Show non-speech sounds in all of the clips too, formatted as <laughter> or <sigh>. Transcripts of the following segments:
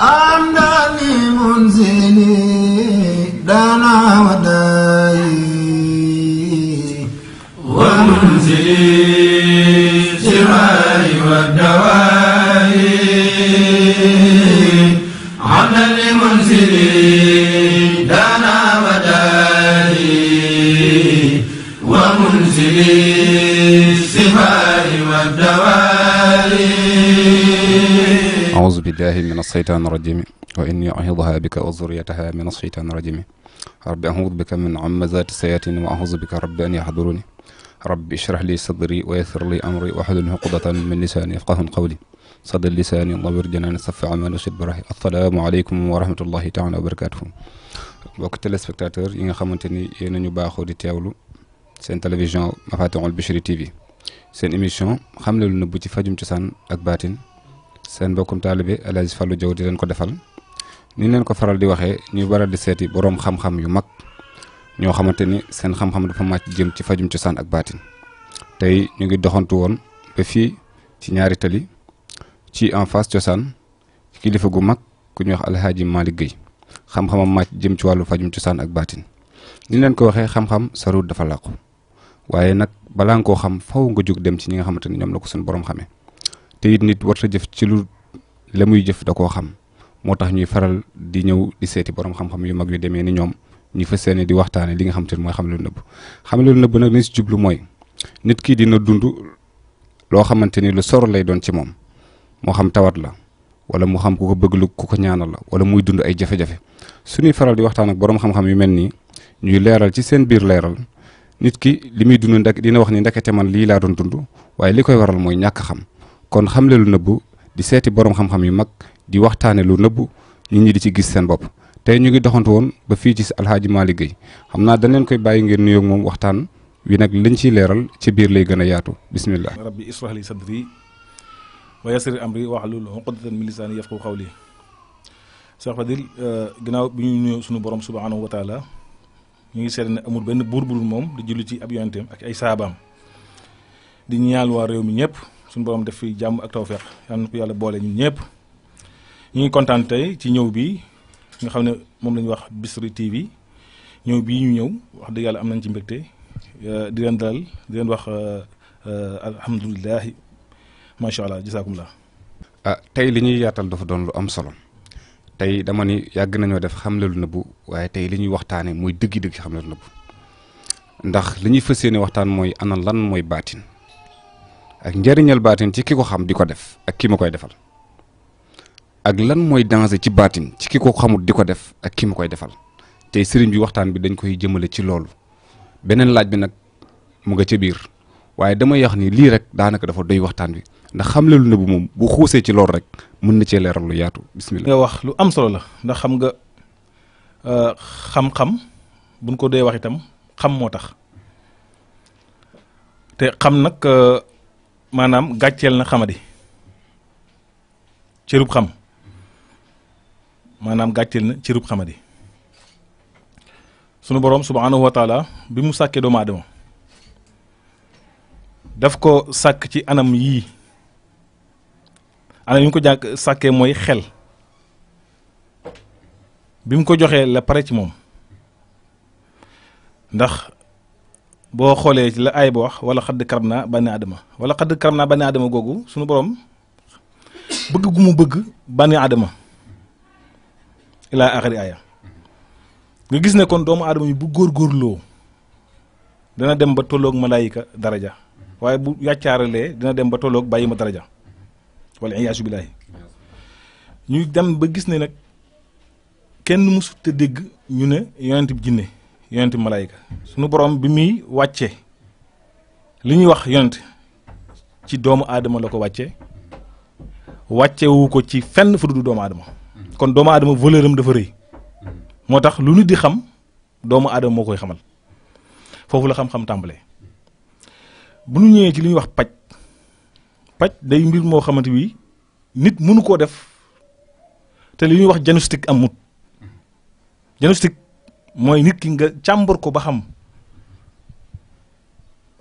أمداني منزلي دانا وداي ومنزلي أعوذ بالله من الشيطان الرجيم وإني أعيذها بك وذريتها من الشيطان الرجيم رب أعوذ بك من همزات الشياطين وأعوذ بك رب أن يحضرون رب اشرح لي صدري ويسر لي أمري واحلل عقدة من لساني يفقه قولي صدر لساني الله جنان صف عمل وشد براحي السلام عليكم ورحمة الله تعالى وبركاته mbokk téléspectateur yi nga xamante ni yéen a ñu baaxoo di teewlu seen télévision Mafatihul Bichri TV seen émission xamle lu nëbb ci fajum cosaan ak baatin seen bokkum taalibe El Hadj fallu Diaw di leen ko defal ni leen ko faral di waxee ñuy baral di seeti boroom xam-xam yu mag ñoo xamante ni seen xam-xam dafa màcc jëm ci fajum cosaan ak baatin tey ñu ngi doxantu woon ba fii ñaari tali ci en face cosaan kilifa gu mag ku ñuy wax alxaaji Malick Guèye xam a màcc jëm ci wàllu fajum cosaan ak baatin ni leen ko waxee xam-xam sarut dafa làqu waaye nag balaa nga koo xam faw nga jóg dem ci ñi nga xamante ni ñoom la ko suñu borom xamee te it nit war sa jëf ci lu la muy jëf da koo xam moo tax ñuy faral di ñëw di seeti borom xam-xam yu mag yu demee ni ñoom ñu fas yéene di waxtaanee li nga xam te ne mooy xam lu nëbb xam lu nëbb nag li si jublu mooy nit ki dina dund loo xamante ni lu sor lay doon ci moom moo xam tawat la wala mu xam ku ko bëgg lu ko ñaanal la wala muy dund ay jafe suñuy faral di waxtaan ak borom xam yu mel nii ñuy leeral ci seen biir leeral nit ki li muy dund ndek dina wax ni ndekete man lii laa doon dund waaye li koy waral mooy ñàkk xam. kon xamle lu nëbbu di seeti borom xam-xam yu mag di waxtaane lu nëbbu nit ñi di ci gis seen bopp tey ñu ngi doxantu woon ba fii ci alxaaji Malick Gueye xam naa dañ leen koy bàyyi ngeen nuyoog moom waxtaan wi nag liñ ciy leeral ci biir lay gën a yaatu bismillah rabbi israh li sadri wa yassir amri wahlul uqdatan min lisani yafqahu qawli Cheikh Fadil euh, ginnaaw bi ñu nuyoo suñu borom subhanahu wa taala ñu ngi seede ne amul benn buur budul moom di julli ci ab yonenteem ak ay saabaam di ñaal waa réew mi ñëpp suñu borom def fi jàmm ak tawféex yal na ko yàlla boole ñun ñëpp ñu ngi kontaan tey ci ñëw bi nga xam ne moom lañuy wax Bichri TV ñëw bii ñu ñëw wax dëgg yàlla am nañ ci mbégte eh, di leen dalal di leen wax eh, eh, alhamdulilahi macha allah la a ah, tey li ñuy yaatal dafa doon lu am solo tey dama ni yàgg nañoo def xam xamle lu nëbbu waaye tey li ñuy waxtaanee mooy dëgg-dëgg xamle lu nëbbu ndax li ñuy fas yéene waxtaan mooy ana lan mooy baatin. ak njariñal baatin ci ki ko xam di ko def ak ki ma koy defal ak lan mooy danger ci baatin ci ki ko xamut di ko def ak ma koy defal tey sëriñ bi waxtaan bi dañ koy jëmale ci loolu beneen laaj bi nag mu nga ca biir waaye dama yax ni lii rek daanaka dafa doy waxtaan bi ndax xam lu ne bu moom bu xuusee ci loolu rek mën na cee leeral lu yaatu bismillah nga wax lu am solo la ndax xam nga euh, xam-xam buñ ko dee wax itam xam moo tax te xam nag euh, maanaam gàcceel na xamadi cërub xam maanaam gàcceel na cërub xamadi sunu boroom subhaanahu wa taala bi mu sàkkee doomu aadama daf ko sàkk ci anam yii anam yi mu ko jàkk sàkkee mooy xel bi mu ko joxee la pare ci moom ndax boo xoolee ci la ay ba wax wala xadd karam naa bànni adama wala xadd karam naa bànni adama googu suñu borom bëgg gu mu bëgg bànni adama ilaa axari aaya nga gis ne kon doomu aadama yi bu góor góorloo dana dem ba tolloog malaayika daraja waaye bu yàccaaralee dana dem ba tolloog bàyyi ma daraja wala iyaasu billaahi ñuy dem ba gis ne nag kenn mësut a dégg ñu ne yonent bi jinne yonent malayka sunu borom bi muy wàcce li ñuy wax yonent ci doomu aadama la ko wàcce wàcce ko ci fenn fu du doomu aadama kon doomu aadama valeur am dafa rëy moo tax lu nit di xam doomu aadama moo koy xamal foofu la xam-xam tàmbalee bu ñu ñëwee ci li ñuy wax paj paj day mbir moo xamante wi nit mënu koo def te li ñuy wax diagnostic amut diagnostic mooy nit ki nga càmbar ko ba xam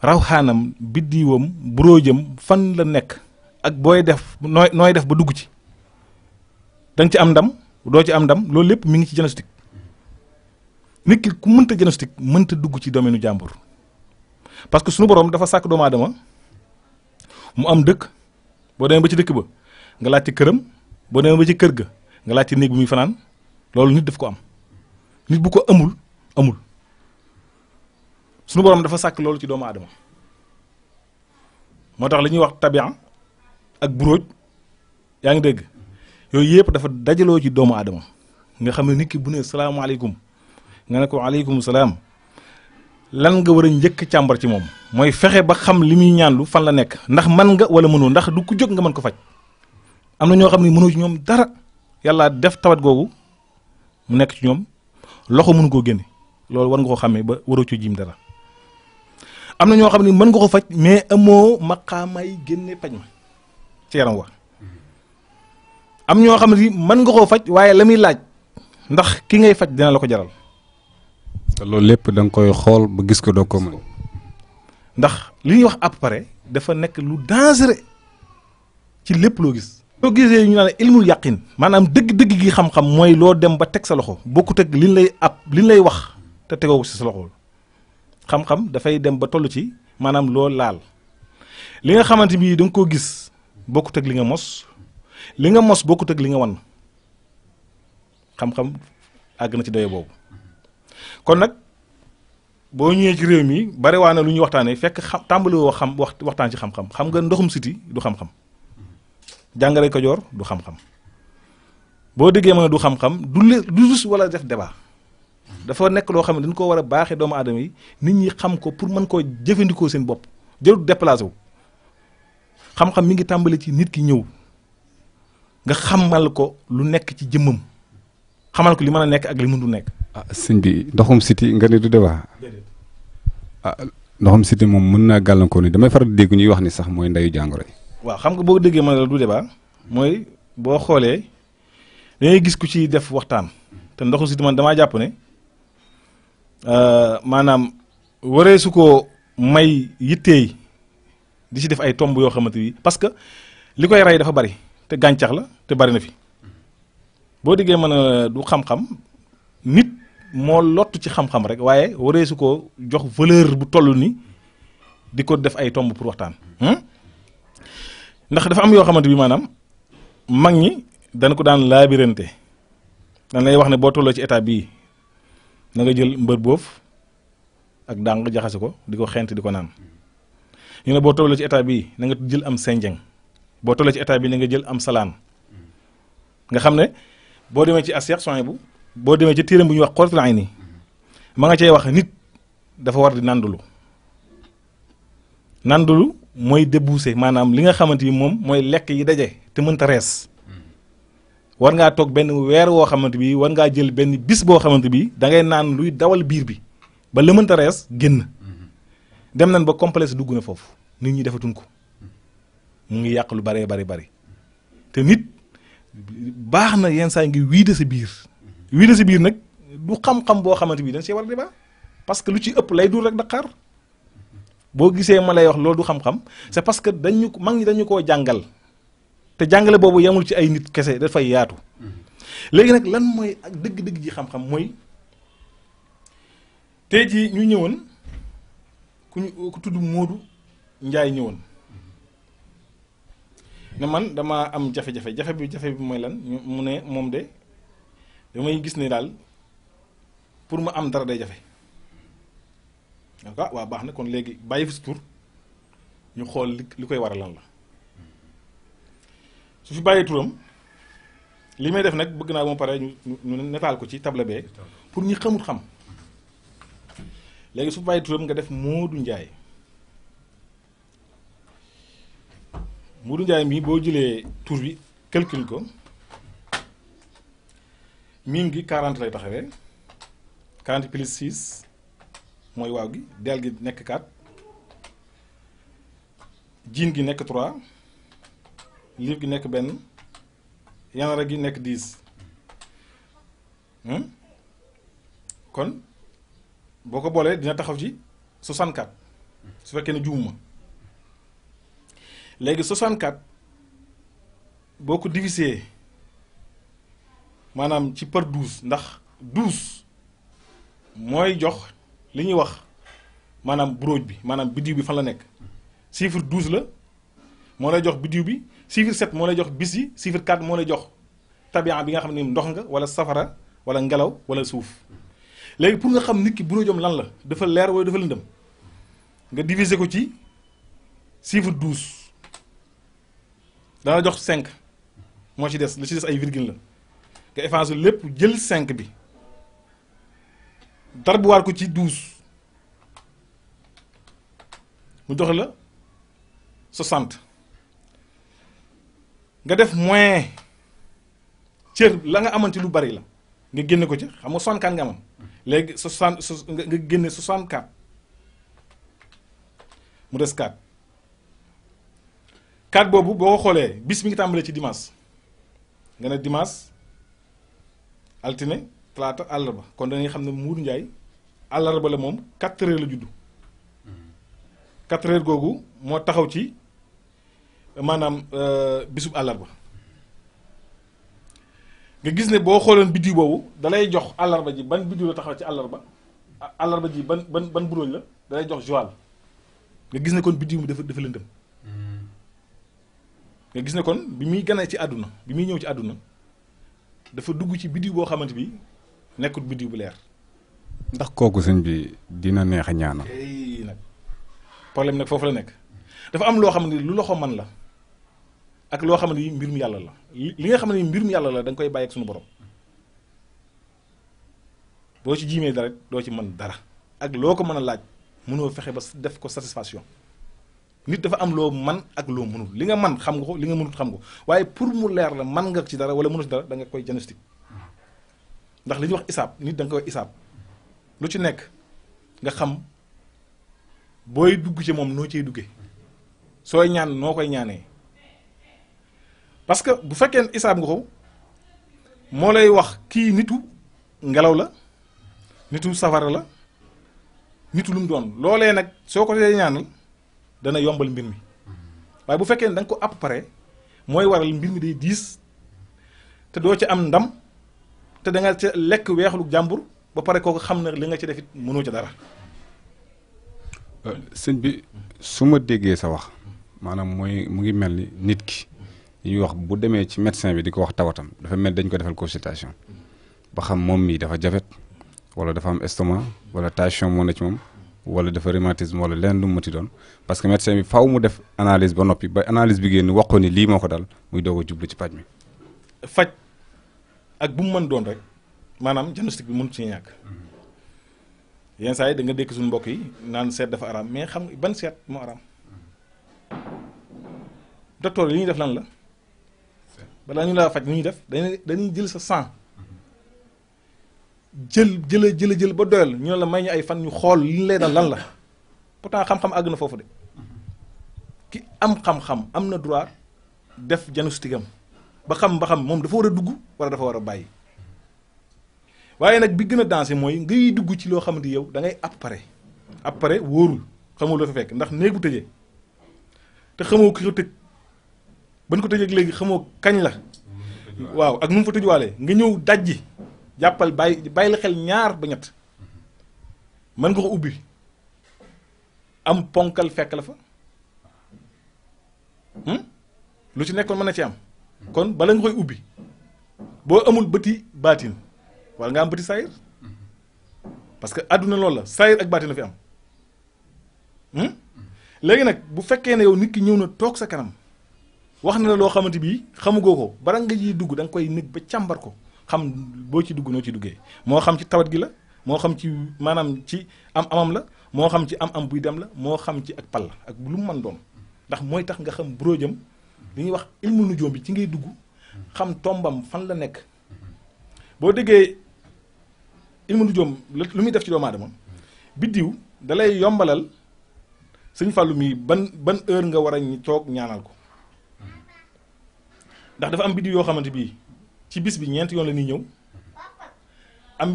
raw xaanam biddiwam buróojam fan la nekk ak booy def nooy nooy def ba dugg ci danga ci am ndam doo ci am ndam loolu lépp mu ngi ci diagnostic nit ki ku mënta diagnostic mënta dugg ci domaine jàmbur parce que sunu borom dafa sàkk doomu aadama mu am dëkk boo demee ba ci dëkk ba nga laaj ci këram boo demee ba ci kër ga nga laaj ci néeg bi muy fanaan loolu nit daf ko am nit bu ko amul amul suñu borom dafa sàkk loolu ci doomu adama moo tax li ñuy wax tabian ak buróoj yaa ngi dégg yooyu yëpp dafa dajaloo ci doomu aadama nga xam ne nit ki bu ne salaamaaleykum nga ne ko aleykum salaam lan nga war a njëkk càmbar ci moom mooy fexe ba xam li muy ñaanlu fan la nekk ndax man nga wala mënoo ndax du ku jóg nga mën ko faj am na ñoo xam ne mënoo ci ñoom dara yàlla def tawat googu mu nekk ci ñoom loxo mënu koo génne loolu war nga ko xamee ba waroo ci jiim dara am na ñoo xam ne mën nga koo faj mais amoo ay génne paj ma ci yaram wa am ñoo xam ne mën nga koo faj waaye la muy laaj ndax ki ngay faj dina la ko jaral. te loolu lépp da nga koy xool ba gis ko doo ko mën. ndax li ñuy wax à peu dafa nekk lu dangereux ci lépp loo gis. soo gisee ñu naan ilmul yaqin maanaam dëgg-dëgg gi xam-xam mooy loo dem ba teg sa loxo bokkut ak liñ lay ab liñ lay wax te tegoo si sa loxo xam dafay dem ba toll ci maanaam loo laal li nga xamante bi da nga koo gis bokkut ak li nga mos li nga mos bokkut ak li nga wan xam-xam àgg na ci doye boobu kon nag boo ñëwee ci réew mi bari waa na lu ñuy waxtaanee fekk xam tàmbali woo xam wax waxtaan ci xam-xam xam nga ndoxum siti du xam-xam. jàngale Kajoor du xam-xam boo déggee ma ne du xam-xam du le du juste wala def débat dafa nekk loo xam ne dañ koo war a baaxee doomu aadama yi nit ñi xam ko pour mën koo jëfandikoo seen bopp jëru déplacé wu xam-xam mi ngi tàmbali ci nit ki ñëw nga xamal ko lu nekk ci jëmmam xamal ko li mën a nekk ak li mënul nekk. ah sëñ bi ndoxum siti nga ne du débat. ah ndoxum siti moom mun naa gàllankoor ni damay faral di dégg ñuy wax ni sax mooy ndayu jàngoro waaw xam nga boo déggee ma ne la du débat mooy boo xoolee dañuy gis ku ci def waxtaan te ndoxu siti man damaa jàpp ne euh, maanaam wareesu ko may yitteey di ci def ay tomb yoo xamante ni parce que li koy rey dafa bari te gàncax la te bari na fi boo déggee mën a du xam-xam nit moo lottu ci xam-xam rek waaye wareesu su ko jox valeur bu toll ni di ko def ay tomb pour waxtaan. Hmm? ndax dafa am yoo xamante bi maanaam mag ñi dan ko daan laabirante dañ lay wax ne boo tolloo ci état bii na nga jël mbër boof ak dàng jaxase ko di ko xent di ko naan ñu ne boo tolloo ci état bii na nga jël am senjeng boo tolloo ci état bii na nga jël am salaan nga xam ne boo demee ci as soin bu boo demee ci téeram bu ñuy wax xoratul ay nii ma nga cay wax nit dafa war di nandulu nandulu mooy débouché maanaam li nga xamante ni moom mooy lekk yi daje te mënta rees war ngaa toog benn weer woo xamante bi war ngaa jël benn bis boo xamante bi da ngay naan luy dawal biir bi ba la mënta rees génn dem nañ ba complexe dugg na foofu nit ñi defatuñ ko mu ngi yàq lu bëree bari bëri te nit baax na yenn saa yi ngi wiide sa biir wiide sa biir nag du xam-xam boo xamante bi dañ see war a débat parce que lu ci ëpp lay dur rek Dakar. boo gisee ma lay wax loolu du xam-xam c'est parce que dañu mag ñi dañu koo jàngal te jàngale boobu yamul ci ay nit kese dafay yaatu léegi nag lan mooy ak dëgg-dëgg ji xam-xam mooy tey jii ñu ñëwoon ku ñu ku tudd Modou njaay ñëwoon ne man dama am jafe-jafe jafe bi jafe bi mooy lan mu ne moom de damay gis ni daal pour mu am dara day jafe donc ah waa baax na kon léegi bàyyi fi sa ñu xool li li koy waral lan la su fi bàyyi turam li may def nag bëgg naa ba mu pare ñu ñu netaal ko ci table be pour ñu xamut xam léegi su fi bàyyi turam nga def Moodu Njaay Moodu Njaay mii boo jëlee tur bi calcule ko miim gi 40 lay taxawee 40 plus 6 mooy waaw gi del gi nekk 4 jiin gi nekk 3 liif gi nekk benn yanara gi nekk 10 hmm? kon boo ko boolee dina taxaw ci 64 su fekkee na juumuma léegi 64 boo ko divisé maanaam ci par 12 ndax 12 mooy jox. li ñuy wax maanaam brouille bi maanaam biddiw bi fan la nekk chiffre 12 la moo lay jox biddiw bi chiffre 7 moo lay jox bis yi chiffre 4 moo lay jox tabian bi nga xam ni ndox nga wala safara wala ngelaw wala suuf léegi pour nga xam nit ki brouille am lan la dafa leer wala dafa lëndëm nga diviser ko ci chiffre 12 dana jox 5 moo ci des li ci des ay virgule la nga effacer lépp jël cinq bi. darbuwaar ko ci douze mu jox la soixante nga def moyen cër la nga amoon lu bari la nga génne ko ci xam nga soixante quatre nga amoon léegi soixante nga génne soixante quatre mu des kat kat boobu boo ko xoolee bis mi ngi tàmbalee ci dimanche nga ne dimanche altine talaata àllarba kon danañ xam ne mu Mourou Ndiaye àllarba la moom 4 la juddu 4 heures googu moo taxaw ci maanaam euh, bisub àllarba nga gis ne boo xooloon biddiw boobu dalay jox àllarba ji ban biddiw la taxaw ci àllarba àllarba ji ban ban ban buróoñ la dalay jox Joal nga gis ne kon biddiw bi dafa dafa lëndëm nga gis kon bi muy gane ci àdduna bi muy ñëw ci àdduna dafa dugg ci biddiw boo xamante bi nekkut biddiw bu leer. ndax kooku sëñ bi dina neex a ñaanal. nag problème nag foofu la nekk dafa am loo xam ne lu loxo man la ak loo xam ne mbir mu yàlla la li nga xam ne mbir mu yàlla la danga koy bàyyi ak suñu borom boo ci jiimee dara doo ci mën dara ak loo ko mën a laaj mënoo fexe ba def ko satisfaction nit dafa am loo man ak loo mënul li nga man xam nga ko li nga mënul xam nga ko waaye pour mu leer la man nga ci dara wala mënul ci dara da nga koy diagnostic ndax li ñuy wax isaab nit da nga koy isaab lu ci nekk nga xam booy dugg ci moom noo ciy duggee sooy ñaan noo koy ñaanee parce que bu fekkee isaab nga ko moo lay wax kii nitu ngelaw la nitu safara la nitu lu mu doon loolee nag soo ko dee ñaanal dana yombal mbir mi waaye bu fekkee ne da ko àpp pare mooy waral mbir mi day diis te doo ci am ndam te da nga ca lekk weexlu jàmbur ba pare kooku xam na li nga ci def it mënoo ci dara. Euh, sëñ bi su ma déggee sa wax maanaam mooy mu ngi mel ni nit ki ñuy wax bu demee ci médecin bi di ko wax tawatam dafa mel dañ ko defal consultation ba xam moom mii dafa jafet wala dafa am estomac wala tension moom na ci moom wala dafa rhumatisme wala lenn lu mu mënti doon parce que médecin bi faaw mu def analyse ba noppi ba analyse bi génn wax ko ni lii moo ko dal muy doog jublu ci paj mi. ak bu mu mën doon rek maanaam diagnostic bi mënut si ñàkk yenn saa yi da nga dékk suñu mbokk yi naan seet dafa araam mais xam ban seet moo araam docteur li ñuy def lan la balaa ñu laa faj lu ñuy def dañuy dañuy jël sa sang jël jëla jëla jël ba doyal ñu ne la may ñu ay fan ñu xool li ñu lay dal lan la pourtant xam-xam àgg na foofu de ki am xam-xam am na droit def diagnostic am ba xam ba xam moom dafa war a dugg wala dafa war a bàyyi waaye nag bi gën a dansé mooy ngay dugg ci loo xamante yow da ngay appare appare wóorul xamul loo fa fekk ndax néeg bu tëjee te xamoo ki ko tëj bañ ko tëjee léegi xamoo kañ la waaw ak nu mu fa tëjwaalee nga ñëw dajji jàppal bàyyi bàyyi la xel ñaar ba ñett mën nga ko ubbi am ponkal fekk la fa hmm? lu ci nekkoon mën a ci am kon bala nga koy ubbi boo amul bëti baatin wala nga am bëti saayir parce que àdduna lool la saayir ak baatin la fi am hmm? léegi nag bu fekkee ne yow nit ki ñëw na toog sa kanam wax na la loo xamante bi xamugoo ko bala nga yiy dugg danga koy nekk ba càmbar ko xam boo ci dugg noo ci duggee moo xam ci tawat gi la moo xam ci maanaam ci am amam la moo xam ci am am buy dem la moo xam ci ak pal la ak lu mu mën doom ndax mooy tax nga xam buróo jëm bi ñuy wax ilmu nujoom bi ci ngay dugg xam tombam fan la nekk boo déggee ilmu nujoom lu muy def ci doomu aadama biddiw dalay yombalal sëñ Fallou mi ban ban heure nga war a ñu toog ñaanal ko ndax dafa am biddiw yoo xamante bi ci bis bi ñeenti yoon la ñuy ñëw am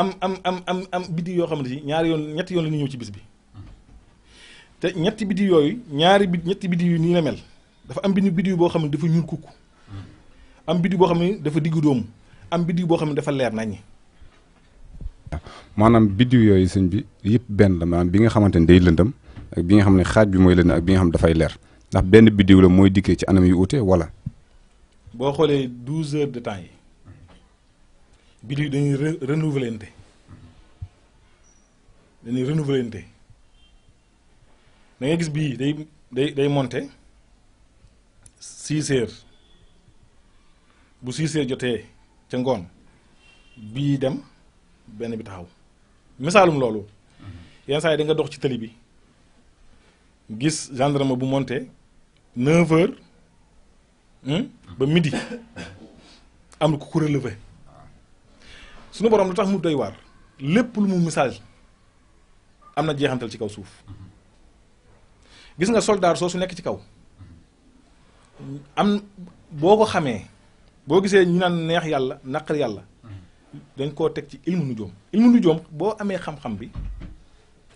am am am am am biddiw yoo xamante ni ñaari yoon ñetti yoon la ñëw ci bis bi te ñetti biddiw yooyu ñaari bid ñetti biddiw yu nii la mel. dafa am bi benn biddiw boo xam ne dafa ñuul kukk am biddiw boo xam ne dafa diggu dóomu am biddiw boo xam ne dafa leer naññi. maanaam biddiw yooyu sëñ bi yëpp benn la bi nga xamante ne day lëndam ak bi nga xam ne xaaj bi mooy lënd ak bi nga xam ne dafay leer ndax benn biddiw la mooy dikkee ci anam yu ute wala. boo xoolee douze heures de temps yi biddiw dañuy renouvelante dañuy renouvelante da ngay gis bii day day day monter. six bu six jotee ca ngoon bii dem benn bi taxaw misaalum loolu mhm. yenn saa yi da nga dox ci tëli bi gis gendarme bu monté neuf heures hmm, ba midi am ku ko relevé sunu borom lu tax mu doy waar lépp lu mu message am na jeexantal ci kaw suuf mhm. gis nga soldaar soo su nekk ci kaw am boo ko xamee boo gisee ñu naan neex yàlla naqar yàlla dañ koo teg ci ilmu nu joom ilmu nu joom boo amee xam-xam bi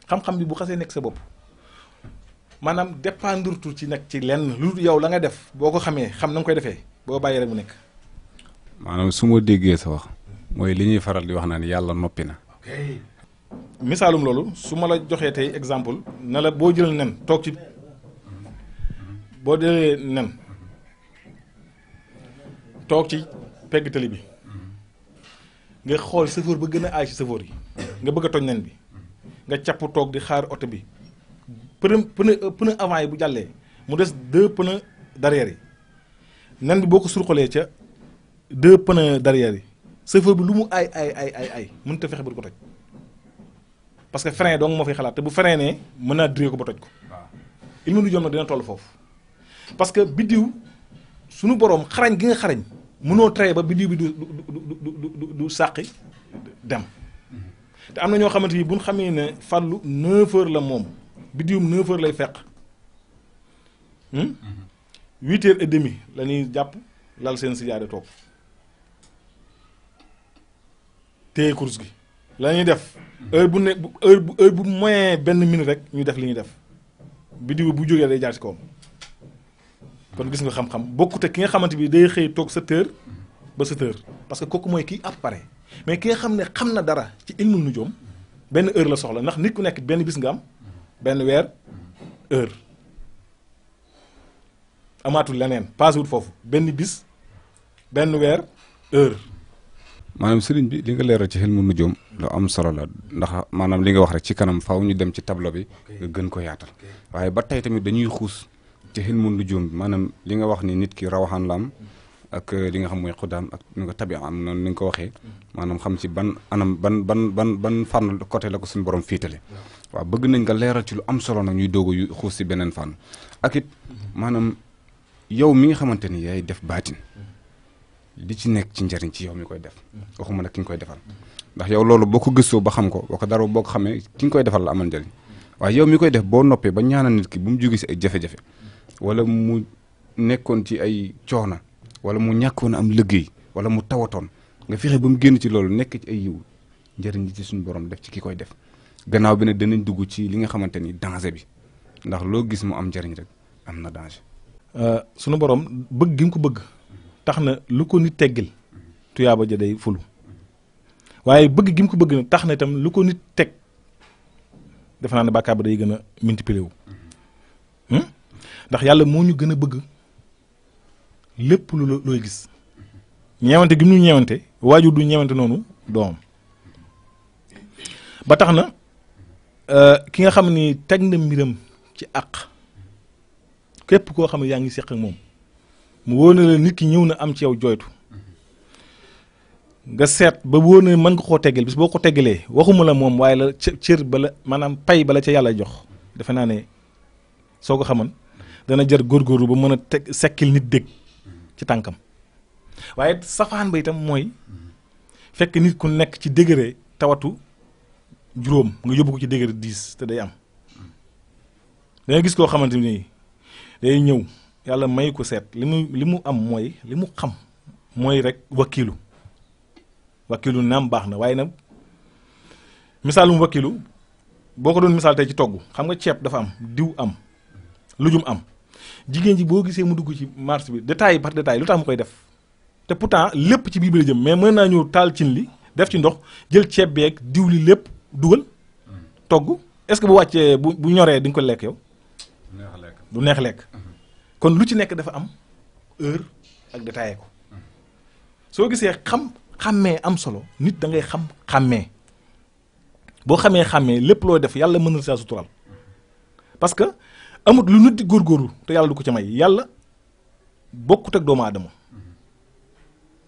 xam-xam bi bu xasee nekk sa bopp maanaam dépendre tout ci nag ci lenn lu yow la nga def boo ko xamee xam na nga koy defee boo bàyyi rek mu nekk. maanaam su ma déggee sa wax mooy li ñuy faral di wax naan yàlla noppi na. misaalum loolu su ma la joxee tey exemple na la boo jël nen toog ci boo jëlee nen. toog ci pegg tali bi nga xool sëfoor ba gën a ay ci sëfoor yi nga bëgg a toj nen bi nga capp toog di xaar oto bi pneu euh, pneu avant yi bu jàllee mu des deux pneus derrière yi nen bi boo ko surxalee ca deux pneus derrière yi sëfoor bi lu mu ay aay aay aay aay mënut a fexe ba du ko parce que frein dong moo fay xalaat te bu freiné mën naa duré ko ba toj ko. il ilmu nu jom nag dina toll foofu parce que biddiw sunu boroom xarañ gi nga xarañ. mënoo traité ba biddiw bi du du du du du sàqi dem te am na ñoo xamante ni bu ñu xamee ne fàllu 9 heures la moom biddiwum 9 heures lay fekk 8 hmm? heures et demi la jàpp lal seen sijaade toog te course gi. la ñuy def heure bu ne heure bu heure bu moyen benn minute rek ñu def li ñuy def biddiw bu jógee day jaar ci kawam. kon gis nga xam-xam bokkut ki nga xamante bi day xëy toog sept heures ba sept heures parce que kooku mooy kii appare mais ki nga xam ne xam na dara ci ilmu nujoom benn heure la soxla ndax nit ku nekk benn bis nga benn weer heure amaatul leneen paasewut foofu benn bis benn weer heure. maanaam sëriñ bi li nga leeral ci xilmu nujoom lu am solo la ndax maanaam li nga wax rek ci kanam faaw ñu dem ci tableau bi nga gën ko yaatal waaye ba tey tamit dañuy xuus. ci xilmu nujum bi maanaam li nga wax ni nit ki rawaxaan la am ak euh, li xam mooy xuddaam ak ni ko tabiam am noonu ni nga ko waxee maanaam xam ci ban anam ban ban ban ban fànn côté la ko suñu borom fiitale waaw bëgg nañ nga leeral ci lu am solo nag ñuy doog a xuus si beneen fànn ak it maanaam yow mi nga xamante ni yaay def baatin li ci nekk ci njëriñ ci yow mi koy def waxuma nag ki nga koy defal ndax yow loolu boo ko gëstoo ba xam ko boo ko dara boo ko xamee ki koy defal la amal waaye yow mi koy def boo noppee ba ñaanal nit ki bu mu jógee si ay jafe-jafe wala mu nekkoon ci ay coona wala mu ñàkkoon am liggéey wala mu tawatoon nga fexe ba mu génn ci loolu nekk ci ay yiw njëriñ li ci suñu borom def ci ki koy def gannaaw bi ne danañ dugg ci li nga xamante ni danger bi ndax loo gis mu am njëriñ rek am na danger. Euh, sunu borom bëgg gi mu ko bëgg tax na lu ko nit teggil tuyaaba ja day fulu waaye bëgg gi mu ko bëgg na tax na itam lu ko nit teg defe naa ne bàkkaar ba day gën a multiplier wu. Hmm? ndax yàlla moo ñu gën a bëgg lépp lu looy gis ñeewante gi mu ñeewante waajur du ñewante noonu doomam ba tax na euh, ki nga xam ni teg na mbiram ci àq képp koo xam ne yaa ngi seq ak moom mu wóor na la nit ki ñëw na am ci yow jooytu nga seet ba wóor na mën nga koo tegal bis boo ko tegalee waxuma la moom waaye la cër bala maanaam pay bala ca yàlla jox defe naa ne soo ko xamoon dana jar góorgóorlu ba mën a teg sekkil nit dégg ci tànkam waaye safaan ba itam mooy fekk nit ku nekk ci degré tawatu juróom nga yóbbu ko ci degré dix te day am danga gis koo xamante ni day ñëw yàlla may ko seet li mu li mu am mooy li mu xam mooy rek wakilu wakilu naam baax na waaye nag misaalum wakilu boo ko doon misaal tey ci togg xam nga ceeb dafa am diw am lujum am jigéen ji boo gisee mu dugg ci marché bi détail par détail lu tax mu koy def te pourtant lépp ci biir bi la jëm mais mën naa ñëw taal cin li def ci ndox jël ceeb beeg diw li lépp dugal togg est-ce que bu wàccee bu ñoree di ko lekk yow. du neex lekk kon lu ci nekk dafa am heure ak détaillé ko soo gisee xam xàmmee am solo nit da ngay xam xàmmee boo xamee xàmmee lépp loo def yàlla mën na saa sutural amut lu nit di góorgóorlu te yàlla du ko ca may yàlla bokkut ak doomu aadama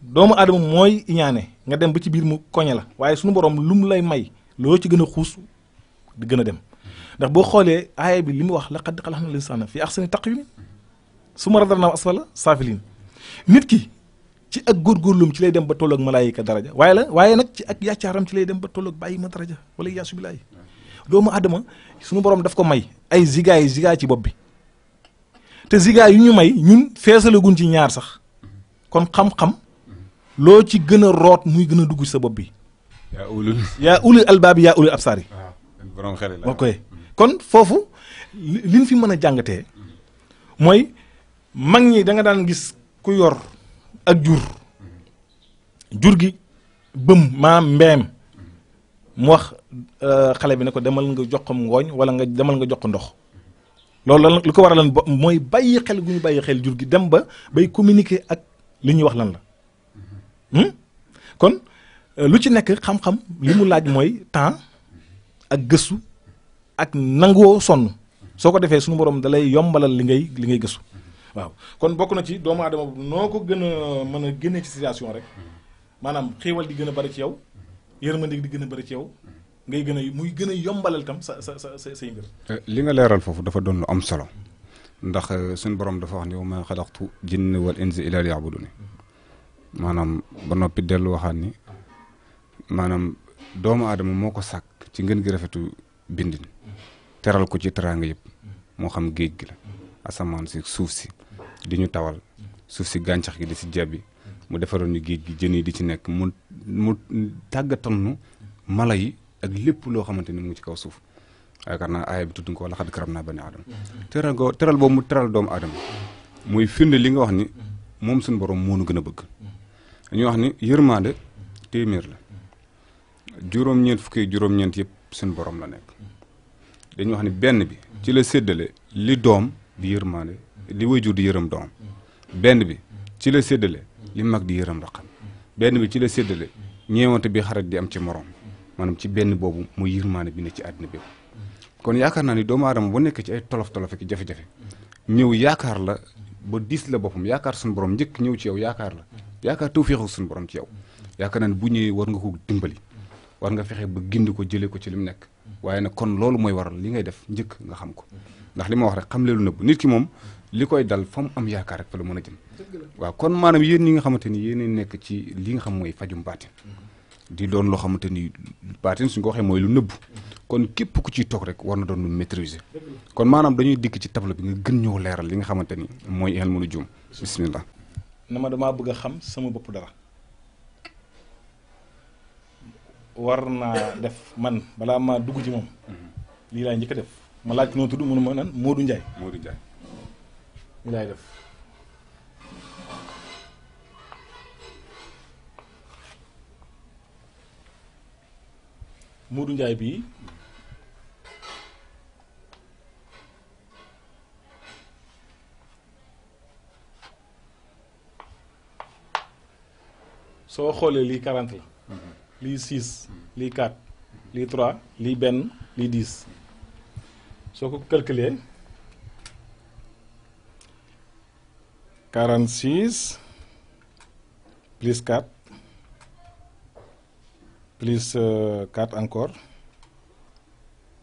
doomu adama mooy iñaane nga dem ba ci biir mu koñe la waaye suñu borom lu mu lay may loo ci gën a xuus di gën a dem ndax boo xoolee aaya bi li mu wax laqad la insaana fii ak su ma ahsani taqwiim summa radadnaahu asfala saafiliin nit ki ci ak góorgóorlum ci lay dem ba tolloog malaayika daraja waaye la waaye nag ci ak yàccaaram ci lay dem ba tolloog bàyyi ma daraja wala yaasu billaahi doomu adama suñu borom daf ko may ay zigaay zigaay ci bopp bi te zigaay yu ñu may ñun feesalaguñ ci ñaar sax kon xam-xam loo ci gën a root muy gën a dugg sa bopp bi. yaa ulul yaa ulul albaab yaa ulul absaar ah, ok kon foofu liñ fi mën a jàngatee mooy mag ñi danga daan gis ku yor ak jur jur gi bëm maam mbeem. mu wax euh, xale bi ne ko demal nga jox ko ngooñ wala nga demal nga jox ko ndox loolu lan li ko war a lan mooy bàyyi xel gu ñu bàyyi xel jur gi dem ba bay communiquer ak li ñuy wax lan la hmm? kon euh, lu ci nekk xam-xam li mu laaj mooy temps ak gëstu ak nangoo sonn soo ko defee suñu borom dalay yombalal li ngay li ngay gëstu waaw kon bokk na ci doomu aadama noo ko gën a mën a génnee ci situation rek maanaam xéewal di gën a bari ci yow yërmande di gën a bëri ci yow gën muy gën a yombalal tam sa sa sa say mbir. Eh, li nga leeral foofu dafa doon lu am solo ndax eh, suñu borom dafa wax ne wa ma xalaqtu jinna wal insa illa liya'buduni maanaam ba noppi dellu waxaat ni maanaam doomu aadama moo ko sàkk ci ngën gi rafetu bindin teral ko ci teraanga yëpp moo xam géej gi la asamaan si suuf si di ñu tawal suuf si gàncax gi di si jabbi mu defaroon ñu géej gi jën yi di ci nekk mu mu tàggatannu mala yi ak lépp loo xamante ni mu ci kaw suuf yaakaar naa aaya bi tudd ko wala xad naa bani aadama teral ko teral boobu mu teral doomu aadama muy firnde li nga wax ni moom suñu borom moo nu gën a bëgg dañuy wax ni yërmande téeméer la juróom-ñeent yëpp suñu borom la nekk dañuy wax ni benn bi ci la séddale li doom di yërmande li wayjur di yërëm doom benn bi ci la séddale li mag di yërëm raqam benn bi ci la séddale ñeewante bi xarit di am ci morom maanaam ci benn boobu mu yërmaane bi ne ci àddina bi kon yaakaar naa ni doomu aadama bu nekk ci ay tolof tolofe ak jafe-jafe ñëw yaakaar la ba diis la boppam yaakaar suñu borom njëkk ñëw ci yow yaakaar la yaakaar tawféexu suñu borom ci yow yaakaar naa ni bu ñëwee war nga ko dimbali war nga fexe ba gindi ko jëlee ko ci li mu nekk waaye nag kon loolu mooy waral li ngay def njëkk nga xam ko ndax li ma wax rek xam leelu nëbb nit ki moom li koy dal fa mu am yaakaar rek fa la mën a jëm. waaw kon maanaam yéen ñi nga xamante ni yéen nekk ci li nga xam mooy fajum baati di doon loo xamante ni baatin suñ ko waxee mooy lu nëbbu. kon képp ku ciy toog rek war na doon lu maîtriser. kon maanaam dañuy dikk ci tableau bi nga gën ñëw leeral li nga xamante ni mooy yéen mënu juum. bisimilah. na ma damaa bëgg xam sama bopp dara. war naa def man balaa maa dugg ci moom. Mhm. lii laay njëkk def ma laaj ko noo tudd mënu ma nan Modou Ndiaye. Modou Ndiaye. ñu lay def Modou Ndiaye bii soo xoolee lii 40 la mm-hmm. lii 6 mm-hmm. lii 4 lii 3 lii benn lii 10 soo ko calculer 46 plus 4 plus 4 euh, encore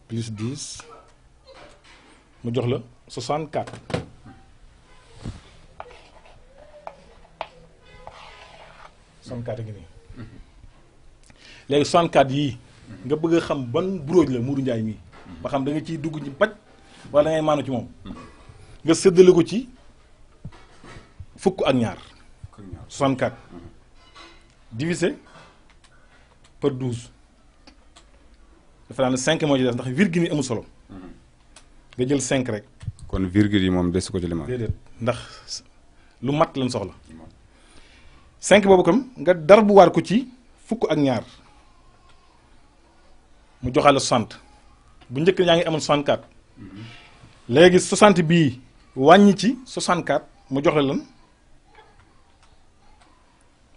plus 10 mu jox la 64 64 gi nii mhm. léegi 64 yii nga bëgg a xam ban buróoj la Mourou Ndiaye mii mhm. ba xam da nga dugg ci paj wala da maanu ci moom mhm. nga séddale ko ci fukk ak ñaar. 64. divisé par 12. dafa daan ne 5 moo ci des ndax virgule yi amul solo. nga jël 5 rek. kon virgule yi moom des ko ci limaam. ndax lu mat lañ soxla. 5 boobu kam nga dara bu waar ko ci fukk ak ñaar mu joxale 60 bu njëkk ñaa ngi amoon 64. Mhm. léegi 60 bii wàññi ci 64 mu jox la lan.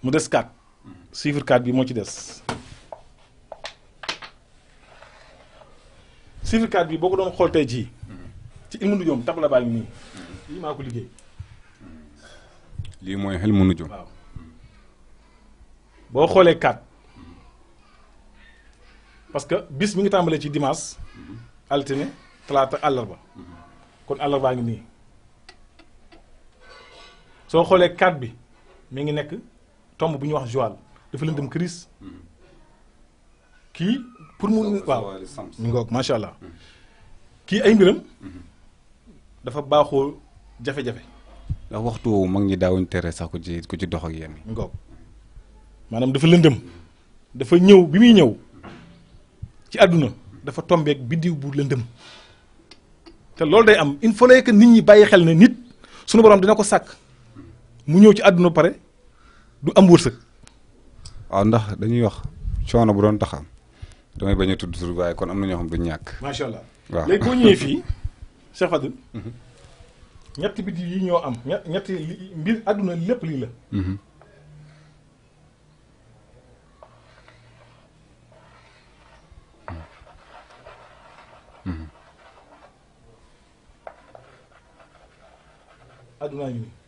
mu des 4 chiffre 4 bi moo ci des chiffre 4 bi boo ko doon xool tey jii ci ilmu nujoom tabla baa ngi nii lii maa ko liggéey. lii mooy xel mu boo xoolee 4 parce que bis mi ngi tàmbalee ci dimaas altine talaata àllarba kon àllarbaa ngi nii soo xoolee 4 bi mi ngi nekk. tomb bu ñuy wax Joal dafa leen dem crise kii pour mu waaw ñu ngoog macha allah kii ay mbiram dafa baaxoo jafe-jafe ndax waxtu woowu mag ñi daawuñ tere sax ko ci ku ci dox ak yéen ñu ngoog maanaam dafa lëndëm dafa ñëw bi muy ñëw ci àdduna dafa tombeek biddiw bu lëndëm te loolu day am il faut que nit ñi bàyyi xel ne nit sunu borom dina ko sàkk mu ñëw ci àdduna pare du am wërsëg. waaw ndax dañuy wax coono bu doon tax am damay bañ a tudd tur waaye kon am na ñoo xam duñ ñàkk. macha allah waaw léegi boo ñëwee fii <laughs> Cheikh Fadil. Mhm. ñetti biddiw yi ñoo am ñetti mbir àdduna lépp lii la. Mhm.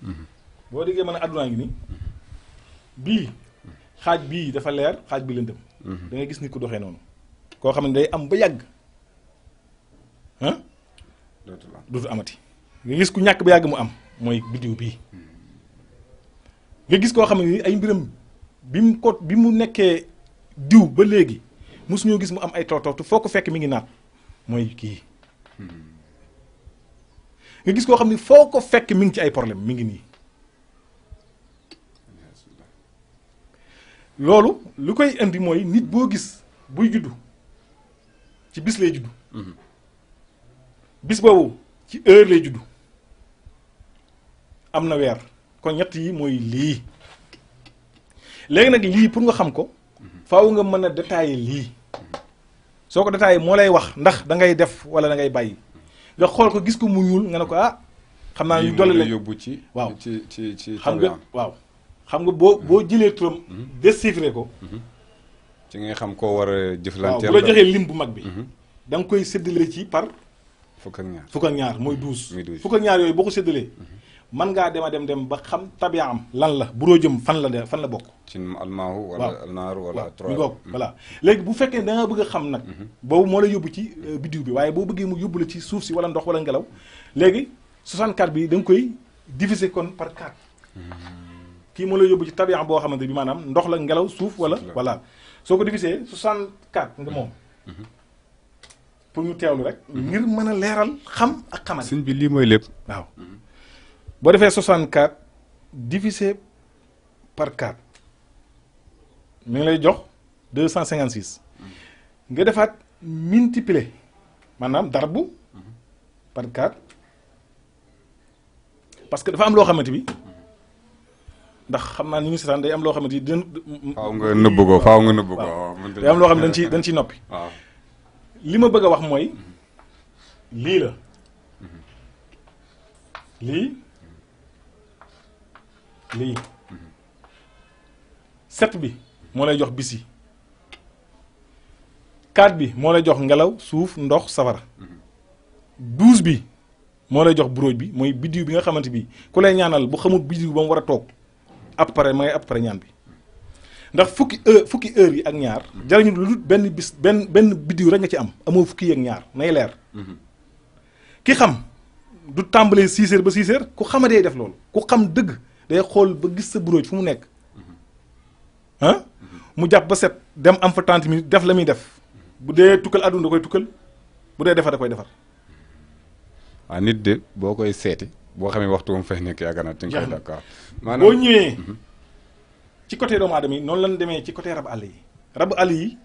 Mhm. boo déggee ma ne àddunaa ngi nii. bii xaaj bii dafa leer xaaj bi lëndëm mhm. da ngay gis nit ku doxee noonu koo xam ne day am ba yàgg du dootu amati nga gis ku ñàkk ba yàgg mu am mooy biddiw bii mhm. nga gis koo xam ne ni ay mbiram bi mu ko bi mu nekkee diw ba léegi mosuñoo gis mu am ay toortoortu foo ko fekk mi ngi naat mooy kii mhm. nga gis koo xam ne foo ko fekk mu ngi ci ay problème mi ngi nii loolu lu koy indi mooy nit boo gis buy juddu ci bis lay juddu. Mhm. bis boobu ci heure lay juddu am na weer kon ñett yi mooy lii léegi nag lii pour nga xam ko mhm. faaw nga mën a détailler lii mhm. soo ko détaillé moo lay wax ndax dangay def wala da ngay bàyyi nga xool ko gis ko mu ñuul nga ne ko ah. xam naa ñu dolli la yóbbu ci. waaw ci ci ci xam nga waaw. xam nga boo boo jëlee turam. Mhm. déchiffré ko. Mhm. ci ngay xam koo war a jëflanteel. waaw bu la joxee lim bu mag bi. Mhm. danga koy séddale ci par. fukk ak ñaar fukk ñaar mooy douze. muy douze fukk ak ñaar yooyu boo ko séddalee. man ngaa dema dem dem ba xam tabiaam lan la bu jëm fan la de fan la bokk. ci almaahu wala alnaaru wala trois voilà léegi bu fekkee da nga bëgg a xam nag. boobu moo la yóbbu ci euh, biddiw bi waaye boo bëggee mu yóbbu la ci suuf si wala ndox wala ngelaw léegi 64 bi da nga koy diviser kon par kii moo la yóbbu ci tabian boo xamante bi maanaam ndox la ngelaw suuf wala voilà soo ko divisé 64 nga moom mhm. pour ñu teewlu rek mhm. ngir mën a leeral xam ak xamal bi lii mooy lépp waaw mhm. boo defee 64 divisé par 4 mi ngi lay jox cent 256 nga defaat multiplier maanaam darbu par 4 parce que dafa am loo xamante bi ndax xam naa ni ñu seetaan day am loo xam ni dinañ. faaw nga nëbb ko faaw nga nëbb ko. day am loo xam ne dañ ciy noppi. waaw li ma bëgg a wax mooy lii la mhm. lii mhm. lii set bi moo lay jox bisi yi kaat bi moo lay jox ngelaw suuf ndox safara mhm. douze bi moo lay jox buróoj bi mooy biddiw bi nga xamante bi ku lay ñaanal bu xamul biddiw ba mu war a toog. après mooy après ñaan bi ndax fukki heure fukki heure yi ak ñaar jariñu lu benn bis benn benn biddiw rek nga ci am amoo fukki yeeg ñaar nay leer mhm. ki xam du tàmbalee six heures ba six heures ku xama day def loolu ku xam dëgg day xool ba gis sa bureau fu mu nekk ah mu jàpp ba set dem am fa trente minutes def la muy def bu dee tukkal àdduna da koy tukkal bu dee defar da koy defar waaw nit de boo koy seeti boo xamee waxtu woon fay nekk yaakaar naa te nga koy d'accord maanaam ñëwee mhm. ci côté doomu aadama yi noonu lañ demee ci côté rab àll yi rab àll yi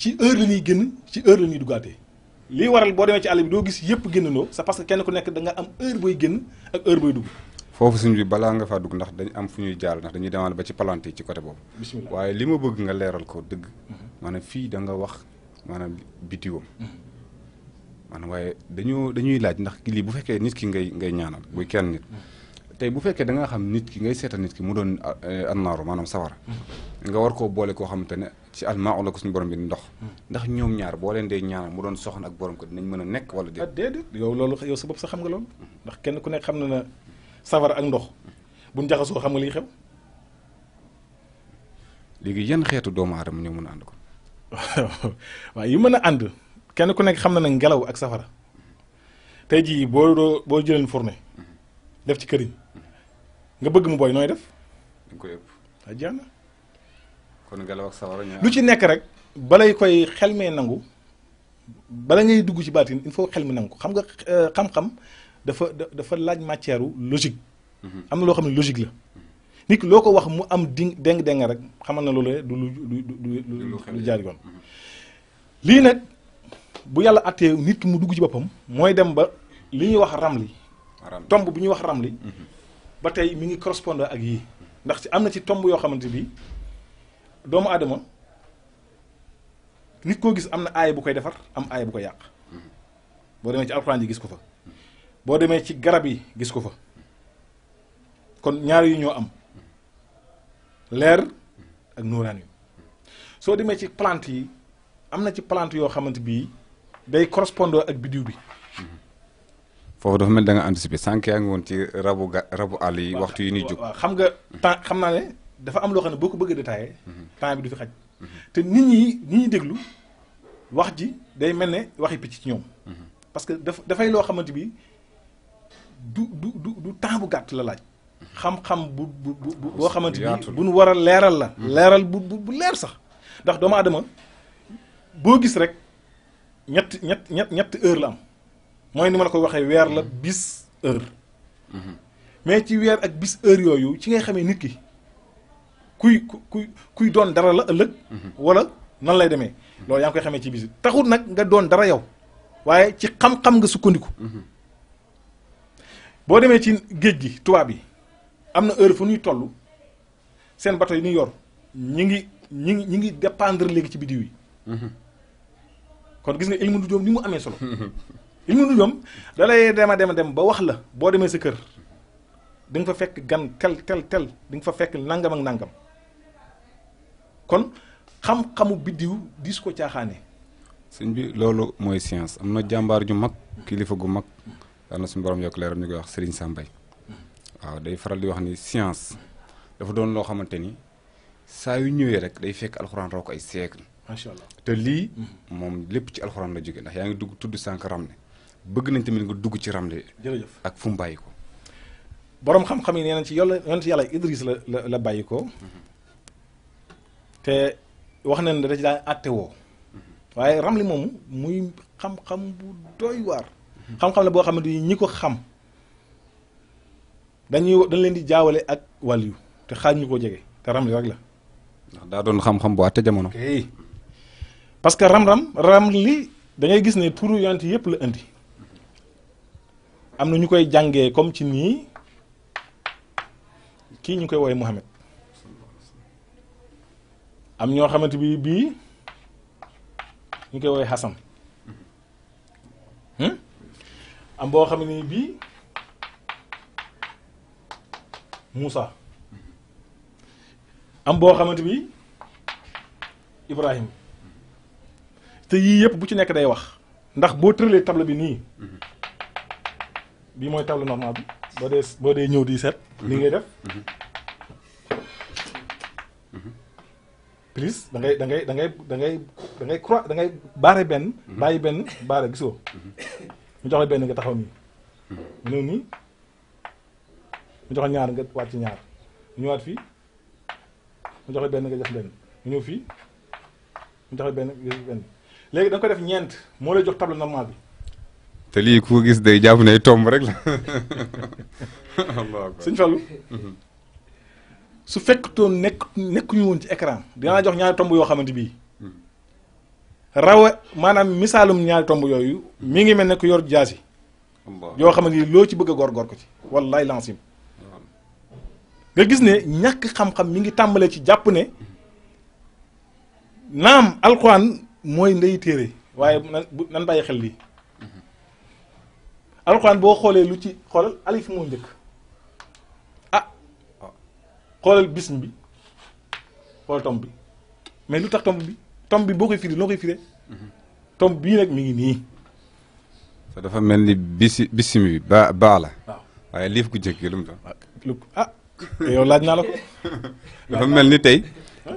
ci heure la ñuy génn ci heure la ñuy duggaatee waral boo demee ci bi doo gis yëpp génnandoo parce que kenn ku nekk da am heure booy génn ak heure booy foofu suñ bi balaa nga faa dugg ndax dañ am fu jaar ndax dañuy demal ba ci palante ci côté boobu bismillah waaye li ma bëgg nga leeral ko dëgg mhm. maanaam fii da nga wax maanaam bitiwam mhm. maanaam waaye dañoo dañuy laaj ndax lii bu fekkee nit ki ngay ngay ñaanal buy kenn nit tey bu fekkee da nga xam nit ki ngay seetal nit ki mu doon eh, annaaru maanaam sawara mm-hmm. nga war koo boole koo xamante ne ci almaa la ko suñu borom bi ndox mm-hmm. ndax ñoom boo leen dee ñaanal mu doon soxna ak borom ko dinañ mën a nekk wala déet ah, déedéet yow loolu yow sa bopp sa xam nga loolu ndax kenn ku nekk xam na na sawara ak ndox bu jaxasoo xam nga liy xew léegi yan xeetu doomu aadama ñëw mën a ànd ko <laughs> waaw waaw mën a ànd kenn ku nekk xam na nag ngelaw ak safara tey jii boo doo boo jëleen fourne def ci këriñ nga bëgg mu boy nooy def. da nga ëpp waaw ah, jeex na. kon ak safara lu ci nekk rek balay koy xel mee nangu bala ngay dugg ci baatin il faut xel mi nangu ko xam nga euh, xam-xam dafa dafa laaj matière logique. Mhm. am na loo xam ne logique la. nit loo ko wax mu am di déng déng rek xamal na loolu du lu du lu jaar yoon mhm. lii nag. bu yàlla attee nit mu dugg ci boppam mooy dem ba li ñuy wax ramli tomb bi ñuy wax ramli mhm. ba tey mi ngi correspondre ak yii ndax ci am na ci tomb yoo xamante bi doomu aadama nit koo gis am na aay bu koy defar am aay bu ko yàq mhm. boo demee ci alxuraan ji gis ko fa boo demee ci garab yi gis ko fa kon ñaar yu ñoo am leer ak nóoraan yu soo demee ci plante yi am na ci palant yoo xamante bii day correspondre ak biddiw bi. foofu dafa mel da nga anticiper sànq yaa ngi woon ci rabu ga rabu àll yi waxtu yi ñuy jóg. xam nga temps xam naa ne dafa am loo xam ne boo ko bëggee détaillé. Mhm. temps bi du fi xaj. Mhm. te nit ñi déglu wax ji day mel ne waxi picc ci ñoom. Mhm. parce que daf dafay loo xamante bi du du du du temps bu gàtt la laaj. xam-xam bu bu bu boo xamante bi bu nu war a leeral la. leeral bu bu leer sax ndax doomu aadama boo gis rek. ñett ñett ñett ñett heure la am mooy ni ma la ko waxee weer la bis heure mais ci weer ak bis heure yooyu ci ngay xamee nit ki kuy ku kuy kuy doon dara la ëllëg wala nan lay demee loolu yaa ngi koy xamee ci bis taxul nag nga doon dara yow waaye ci xam-xam nga sukkandiku boo demee ci géej gi tubaab yi am na heure fu ñuy toll seen bato yi ni yor ñi ngi ñi ngi ñi ngi dépendre léegi ci biddiw yi kon gis nga ilmu nujoom ni mu amee solo ilmu nujoom da dem a dem ba wax la boo demee sa kër di nga fa fekk gan tel tel tel fa fekk nangam ak nangam kon xam-xamu biddiw diis ko caaxaane sëñ bi loolu mooy science am na jàmbaar ju mag kilifa gu mag yàlla na suñu borom yokk leeram ñu koy wax Serigne Sam Mbaye waaw day faral di wax ni science dafa doon loo xamante ni saa yu ñëwee rek day fekk alxuraan raw ay siècle macha allah te lii. moom lépp ci alxuraan la jóge ndax yaa ngi dugg tudd sànq ramle bëgg nañ tamit nga dugg ci ramle. jërëjëf ak fu mu bàyyi ko. boroom xam-xam yi nee nañ ci yàlla yonent yàlla Idris la la bàyyi ko. te wax nañ da ci daan àttewoo. waaye ramle moomu muy xam-xam bu doy waar. xam-xam la boo xamante ni ñi ko xam dañuy dañ leen di jaawale ak wàll yu te xaaj ñu ko jege te ramle rek la. ndax daa doon xam-xam bu àtte jamono. parce que ram-ram ram li da gis ne turu yonent yëpp la indi am na ñu koy jàngee comme ci nii kii ñu koy woowee Muhammad am ñoo xamante bi bii ñu koy woowee Hassan hmm? am boo xam bii Moussa am boo xamante bi Ibrahim te yii yëpp bu ci nekk day wax ndax boo tëralee table bi nii bii mooy table normal bi boo dee boo dee ñëw di set li ngay def plus dangay dangay da ngay dangay ngay baare benn bàyyi benn baare gisoo ñu jox la benn nga taxaw nii mu ñëw nii ñu jox ñaar nga wàcc ñaar ñu ñëwaat fii mu jox la benn nga def benn ñu ñëw fii ñu jox la benn nga def benn léegi da ko def ñeent moo lay jox tableau normal bi. te lii ko gis day jàpp ne tomb rek la. <laughs> sëñ Fallou mhm. su fekkutoon nekk ñu woon ci écran dinaa jox ñaari tomb yoo xamante bii mhm. rawa maanaam misaalum ñaari tomb yooyu mi ngi mel ne ku yor jaasi yoo xamante ni loo ci bëgg a gor ko ci wallaay lansim nga gis ne ñàkk xam-xam mi ngi tàmbalee ci jàpp ne naam alxuraan mooy ndey téere waaye mm-hmm. nan bàyyi xel lii mm-hmm. alxuraan boo xoolee lu ci xoolal alif moo njëkk ah xoolal bism bi xoolal tomb bi mais lu tax tomb bi tomb bi boo koy firi noo koy firee mm-hmm. tomb bii nag mi ngi nii te dafa mel ni bisi bisim bi ba baa la waaye liif ku njëkk lu mu doon ah, ah <laughs> yow laaj naa la ko <laughs> dafa mel ni tey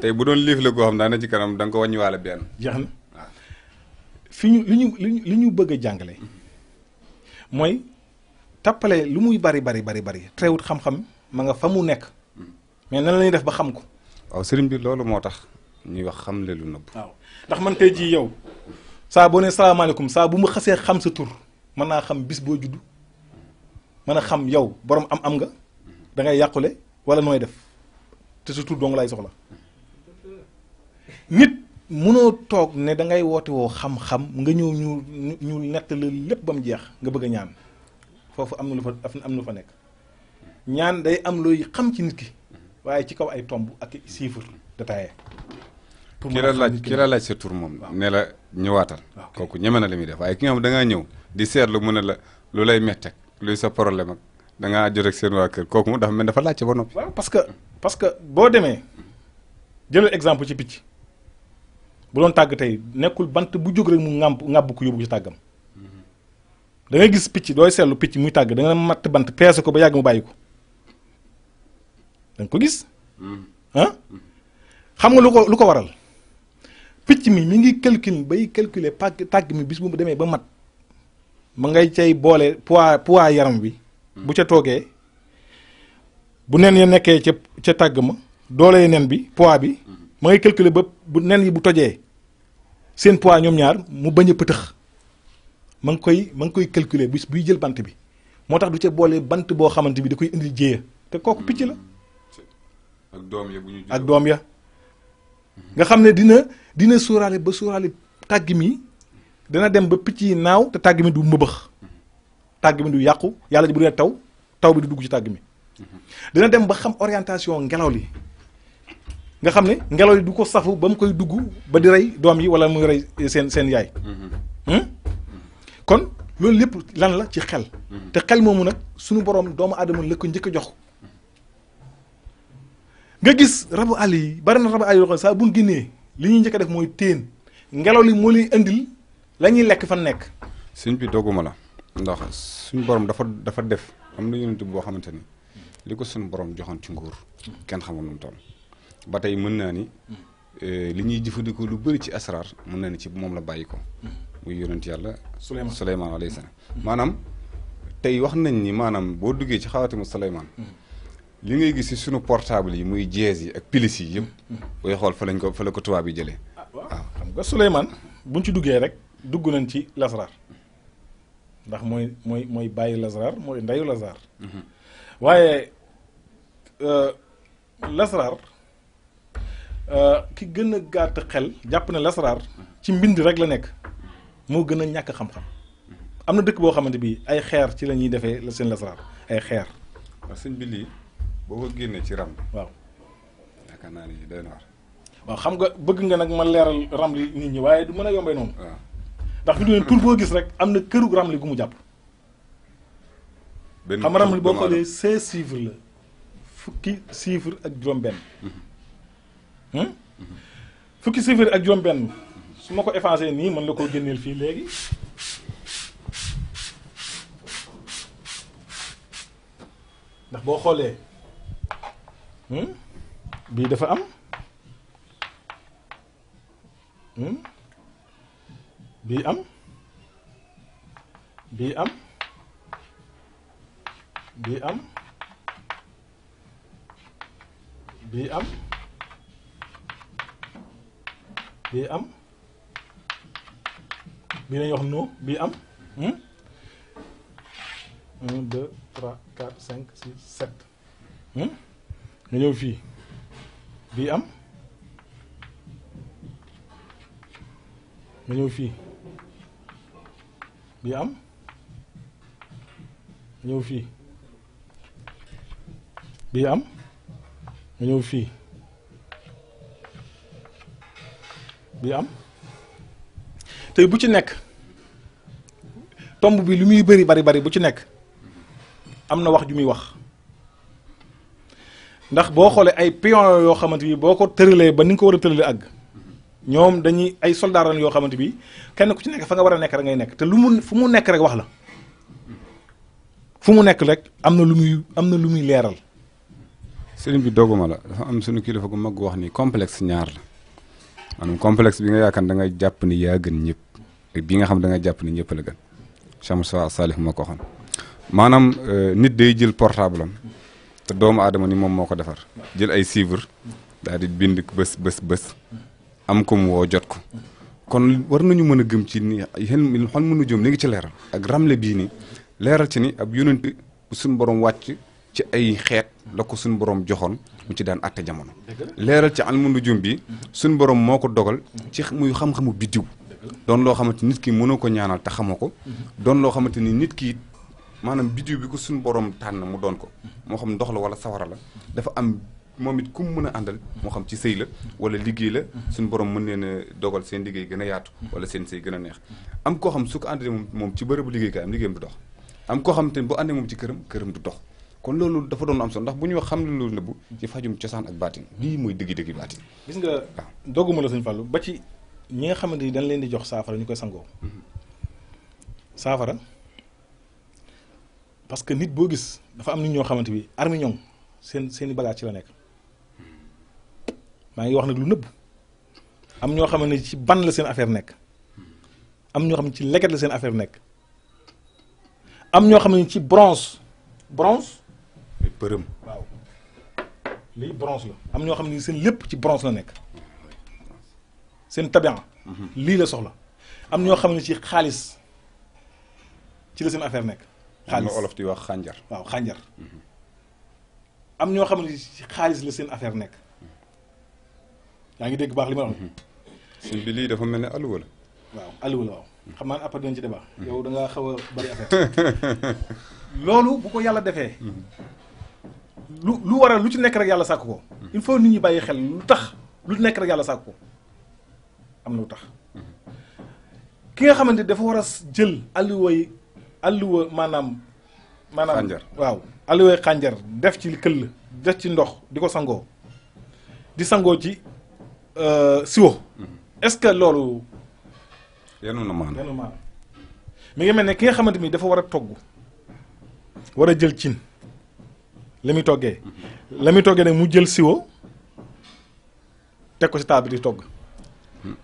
tey bu doon liif la goo xam daana ci kanam da nga ko wàññiwaale benn jeex na fi ñu li ñu li ñu bëgg a jàngale mooy tappale lu muy bari bari bari bari teewut xam-xam ma nga fa mu nekk mais nan la ñuy def ba xam ko waaw sëriñ bi loolu moo tax ñuy wax xam le lu nëbb waaw ndax man tey jii yow saa boo ne salaamaaleykum saa bu ma xasee xam sa tur mën naa xam bis boo juddu mën a xam yow borom am am nga da ngay yàqule wala nooy def te sa tur dong laay soxla nit mënoo toog ne da ngay woote woo xam-xam nga ñëw ñu ñu nett la lépp ba mu jeex nga bëgg a ñaan foofu am na lu fa am na fa nekk ñaan day am looy xam ci nit ki waaye ci kaw ay tomb ak chiffre détaillé. pour ki la laaj ki la laaj sa tur moom. ne la ñëwaatal. kooku ñemee na la muy def waaye ki nga xam da ngaa ñëw di seet seetlu mu ne la lu lay metteek luy sa problème ak da ngaa jot ak seen waa kër kooku mu dafa mel dafa laajte ba noppi. waaw parce que parce que boo demee jëlal exemple ci picc. bu doon tàgg tey nekkul bant bu jóg rek mu ŋàmp ŋàbb ko yóbbu ci tàggam da ngay gis picc dooy seetlu picc muy tàgg danga nga matt bant peese ko ba yàgg mu bàyyi ko da ko gis ah xam nga lu ko lu ko waral picc mi mi ngi calcul bay calculer pàgg tàgg mi bis bu mu demee ba mat ma ngay cay boole poids poids yaram bi bu ca toogee bu nen ya nekkee ca ca tàgg ma doole nen bi poids bi ma ngay calculer ba bu nen yi bu tojee seen poids ñoom ñaar mu bañ a pëtëx ma ngi koy ma ngi koy calculer bis buy jël bant bi moo tax du ca boolee bant boo xamante bi da koy indi jéeya te kooku picc la. ak doom ya ak doom ya. nga xam ne dina dina suuraale ba suuraale tàgg mi dana dem ba picc yi naaw te tàgg mi du mbëbëx tàgg mi du yàqu yàlla ji bu dee taw taw bi du dugg ci tàgg mi. Mhm. dina dem ba xam orientation ngelaw li. nga xam ne ngelaw li du ko safu ba mu koy dugg ba di rey doom yi wala muy rey seen seen yaay. Mm-hmm. Hmm? kon loolu lépp lan la ci xel. Mm-hmm. te xel moomu nag suñu borom doomu aadama la ko njëkk a jox. nga gis rabu àll yi bari na rabu àll yoo xam saa bu ñu li ñuy njëkk def mooy téen ngelaw li moo lay indil lañuy lekk fan nekk. suñ bi dogguma la ndox suñu borom dafa dafa def am na yonent boo xamante ni li ko suñu borom joxoon ci nguur kenn xamul nu mu ba tey mën naa ni eh, li ñuy jëfandikoo lu bëri ci asraar mën naa ni ci moom la bàyyi ko muy yonent yàlla suleymaan suleymaan alayhi salaam hmm. Hmm. maanaam tey wax nañ ni maanaam boo duggee ci xaatimu suleymaan hmm. li ngay gis si sunu portable yi muy jees yi ak pilis yi yëpp booy xool fa lañ ko fa la ko tubaab yi jëlee ah, waaw xam nga suleymaan buñ ci duggee rek dugg nañ ci lasraar ndax mooy mooy mooy bàyyi lasraar mooy ndeyu lasraar waaye euh, lasraar Euh, ki gën a gàtt xel jàpp ne lasaraar ci mbind rek la nekk moo gën a ñàkk xam-xam am na dëkk boo xamante bi ay xeer ci lañuy defee la seen lasaraar ay xeer. waaw boo ko génnee ci ram. waaw yaakaar naa ni day noor. waaw xam nga bëgg nga nag ma leeral ram li nit ñi waaye du mën a yombee noonu. ndax fi mu tur boo gis rek am na këru ram li gu mu jàpp. benn xam ram li boo xoolee seize chiffres la fukki chiffres ak juróom-benn. Mhm. Hmm? fukki sifir ak juróom su ma ko effacé nii man la koo génneel fii léegi ndax boo xoolee hmm? bii dafa am hmm? bii am bii am bii am bii am bii am bii lañuy wax no bii am hmm? un deux trois quatre cinq six sept hmm? nga ñëw fii bii am nga ñëw fii bii am nga ñëw fii bii am nga ñëw fii bi am tey bu ci nekk tomb bi lu muy bëri bari bari bu ci nekk am na wax ju muy wax ndax boo xoolee ay pion yoo xamante bi boo ko tëralee ba ni nga ko war a tëralee àgg ñoom dañuy ay soldaaran yoo xamante bi kenn ku ci nekk fa nga war a nekk rek ngay nekk te lu mu fu mu nekk rek wax la fu mu nekk rek am na lu muy am na lu muy leeral. sëriñ bi dogguma la dafa am suñu kilifa gu mag wax nii complexe ñaar la. maanaam complexe bi nga yaakaar da nga jàpp ni yaa gën ñëpp bi nga xam da nga jàpp ni ñëpp la gën Cheikh Moustapha Salih moo ko waxoon maanaam euh, nit day jël portable am te doomu aadama ni moom moo ko defar jël ay chiffres daal di bind bës bës bës am ko woo jot ko kon war nañu mën a gëm ci ni yéen xol mënu jëm li ngi ci leeral ak ramle bii nii leeral ci ni ab yonent suñu borom wàcc ci ay xeet la ko suñu borom joxoon mu ci daan atte jamono leeral ci almu nujum bi suñ borom moo ko dogal ci muy xam-xamu biddiw doon loo xamante nit ki mënoo ko ñaanal te xamoo ko doon loo xamante ni nit ki maanaam biddiw bi ko suñ borom tànn mu doon ko moo xam ndox la wala sawara la dafa am moom it ku mu mën a àndal moo xam ci sëy la wala liggéey la suñu borom mën leen a dogal seen liggéey gën a yaatu wala seen sëy gën a neex am koo xam su ko àndee moom moom ci bërëbu liggéeykaayam liggéeyam du dox am koo xam te bu àndee moom ci këram këram du dox kon loolu dafa doon am solo ndax bu ñu wax xam ne loolu nëbbu ci fajum cosaan ak baatin lii mooy dëgg-dëgg baatin gis nga waaw dogguma la sëñ Fallou ba ci ñi nga xamante ni dañ leen di jox saafara ñu koy sangoo mm-hmm. saafara parce que nit boo gis dafa am nit ñoo xamante bi armi ñoom seen seeni i ci la nekk maa ngi wax nag lu nëbb am ñoo xamante ni ci ban la seen affaire nekk am ñoo xam ne ci leket la seen affaire nekk am ñoo xam ne ci bronze bronze përëm waaw lii bronze la am ñoo xam ne seen lépp ci bronze la nekk seen tabian mhm. lii la soxla am ñoo xam ne ci xaalis ci la seen affaire nekk xaalis olof wax xànjar waaw xànjar mhm. ñoo xam ne xaalis la seen affaire nekk yaa ngi dégg baax li ma wax mhm. suñ bi lii dafa mel ni alluwa la waaw alluwa la waaw xam naa ne après dinañ ci débat yow da nga xaw a bari affaire <laughs> loolu bu ko yàlla defee lu lu waral lu ci nekk rek yàlla sàkk ko hmm. il faut nit ñi bàyyi xel lu tax lu nekk rek yàlla sàkk ko am na lu tax hmm. ki nga xamante dafa war a jël alluwa yi alluwa maanaam maanaam waaw alluwa xànjar def ci këll def ci ndox di ko sangoo di sangoo ci euh, siwo hmm. est-ce que loolu yenu na maanaam yenu ngi mel ne ki nga xamante ni dafa war a togg war a jël cin la muy toggee la muy toggee nag mu jël siwo teg ko si taal bi di togg.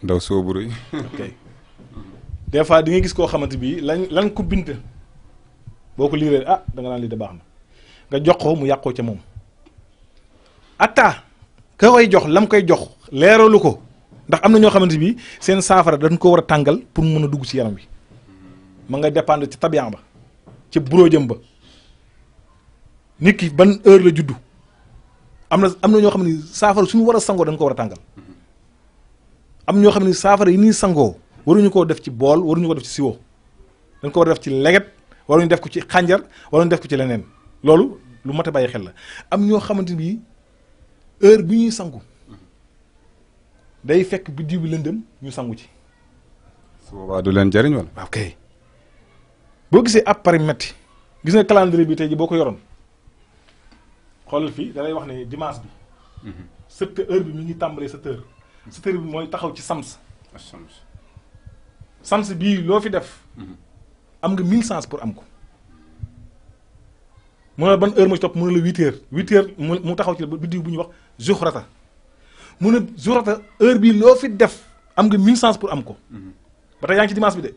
ndaw siwo bu rëy. ok fois di gis koo xamante bii lañ lan ko bint boo ko liiree ah da nga naan lii de baax na nga jox ko mu yàqoo ca moom. atta ka koy jox lam koy jox leeralu ko ndax am na ñoo xamante bi seen saafara dañ ko war a tàngal pour mu mën a dugg ci yaram bi ma nga dépendre ci tabian ba ca buróojëm ba. nit ki ban heure la juddu am na am na ñoo xam ne saafara suñu war a sangoo dañ ko war a tàngal am ñoo xam ne saafara yi ñuy sangoo waruñu koo def ci bool waruñu ko def ci siwo dañ ko war a def ci leget waruñu def ko ci xànjar waruñu def ko ci leneen loolu lu mat a bàyyi xel la am ñoo xamante ni heure bi ñuy sangu day fekk biddiw bi lëndëm ñu sangu ci. su boobaa du leen jariñ wala. ok boo gisee appareil metti gis nga calendrier bi tey ji boo ko yoroon. xoolal fii da wax ne dimanche bi. sept heure bi mi ngi tàmbalee sept heure sept bi mooy taxaw ci sams. sams sams bii loo fi def. Mhm. am nga mille chance pour am ko. mu ne ban heure ma ci topp mu ne la huit heures huit heures mu taxaw ci biddiw bu ñuy wax zuxrata mu ne zuxrata heure bii loo fi def am nga mille chance pour am ko. Mhm. ba tey yaa ngi ci dimanche bi de.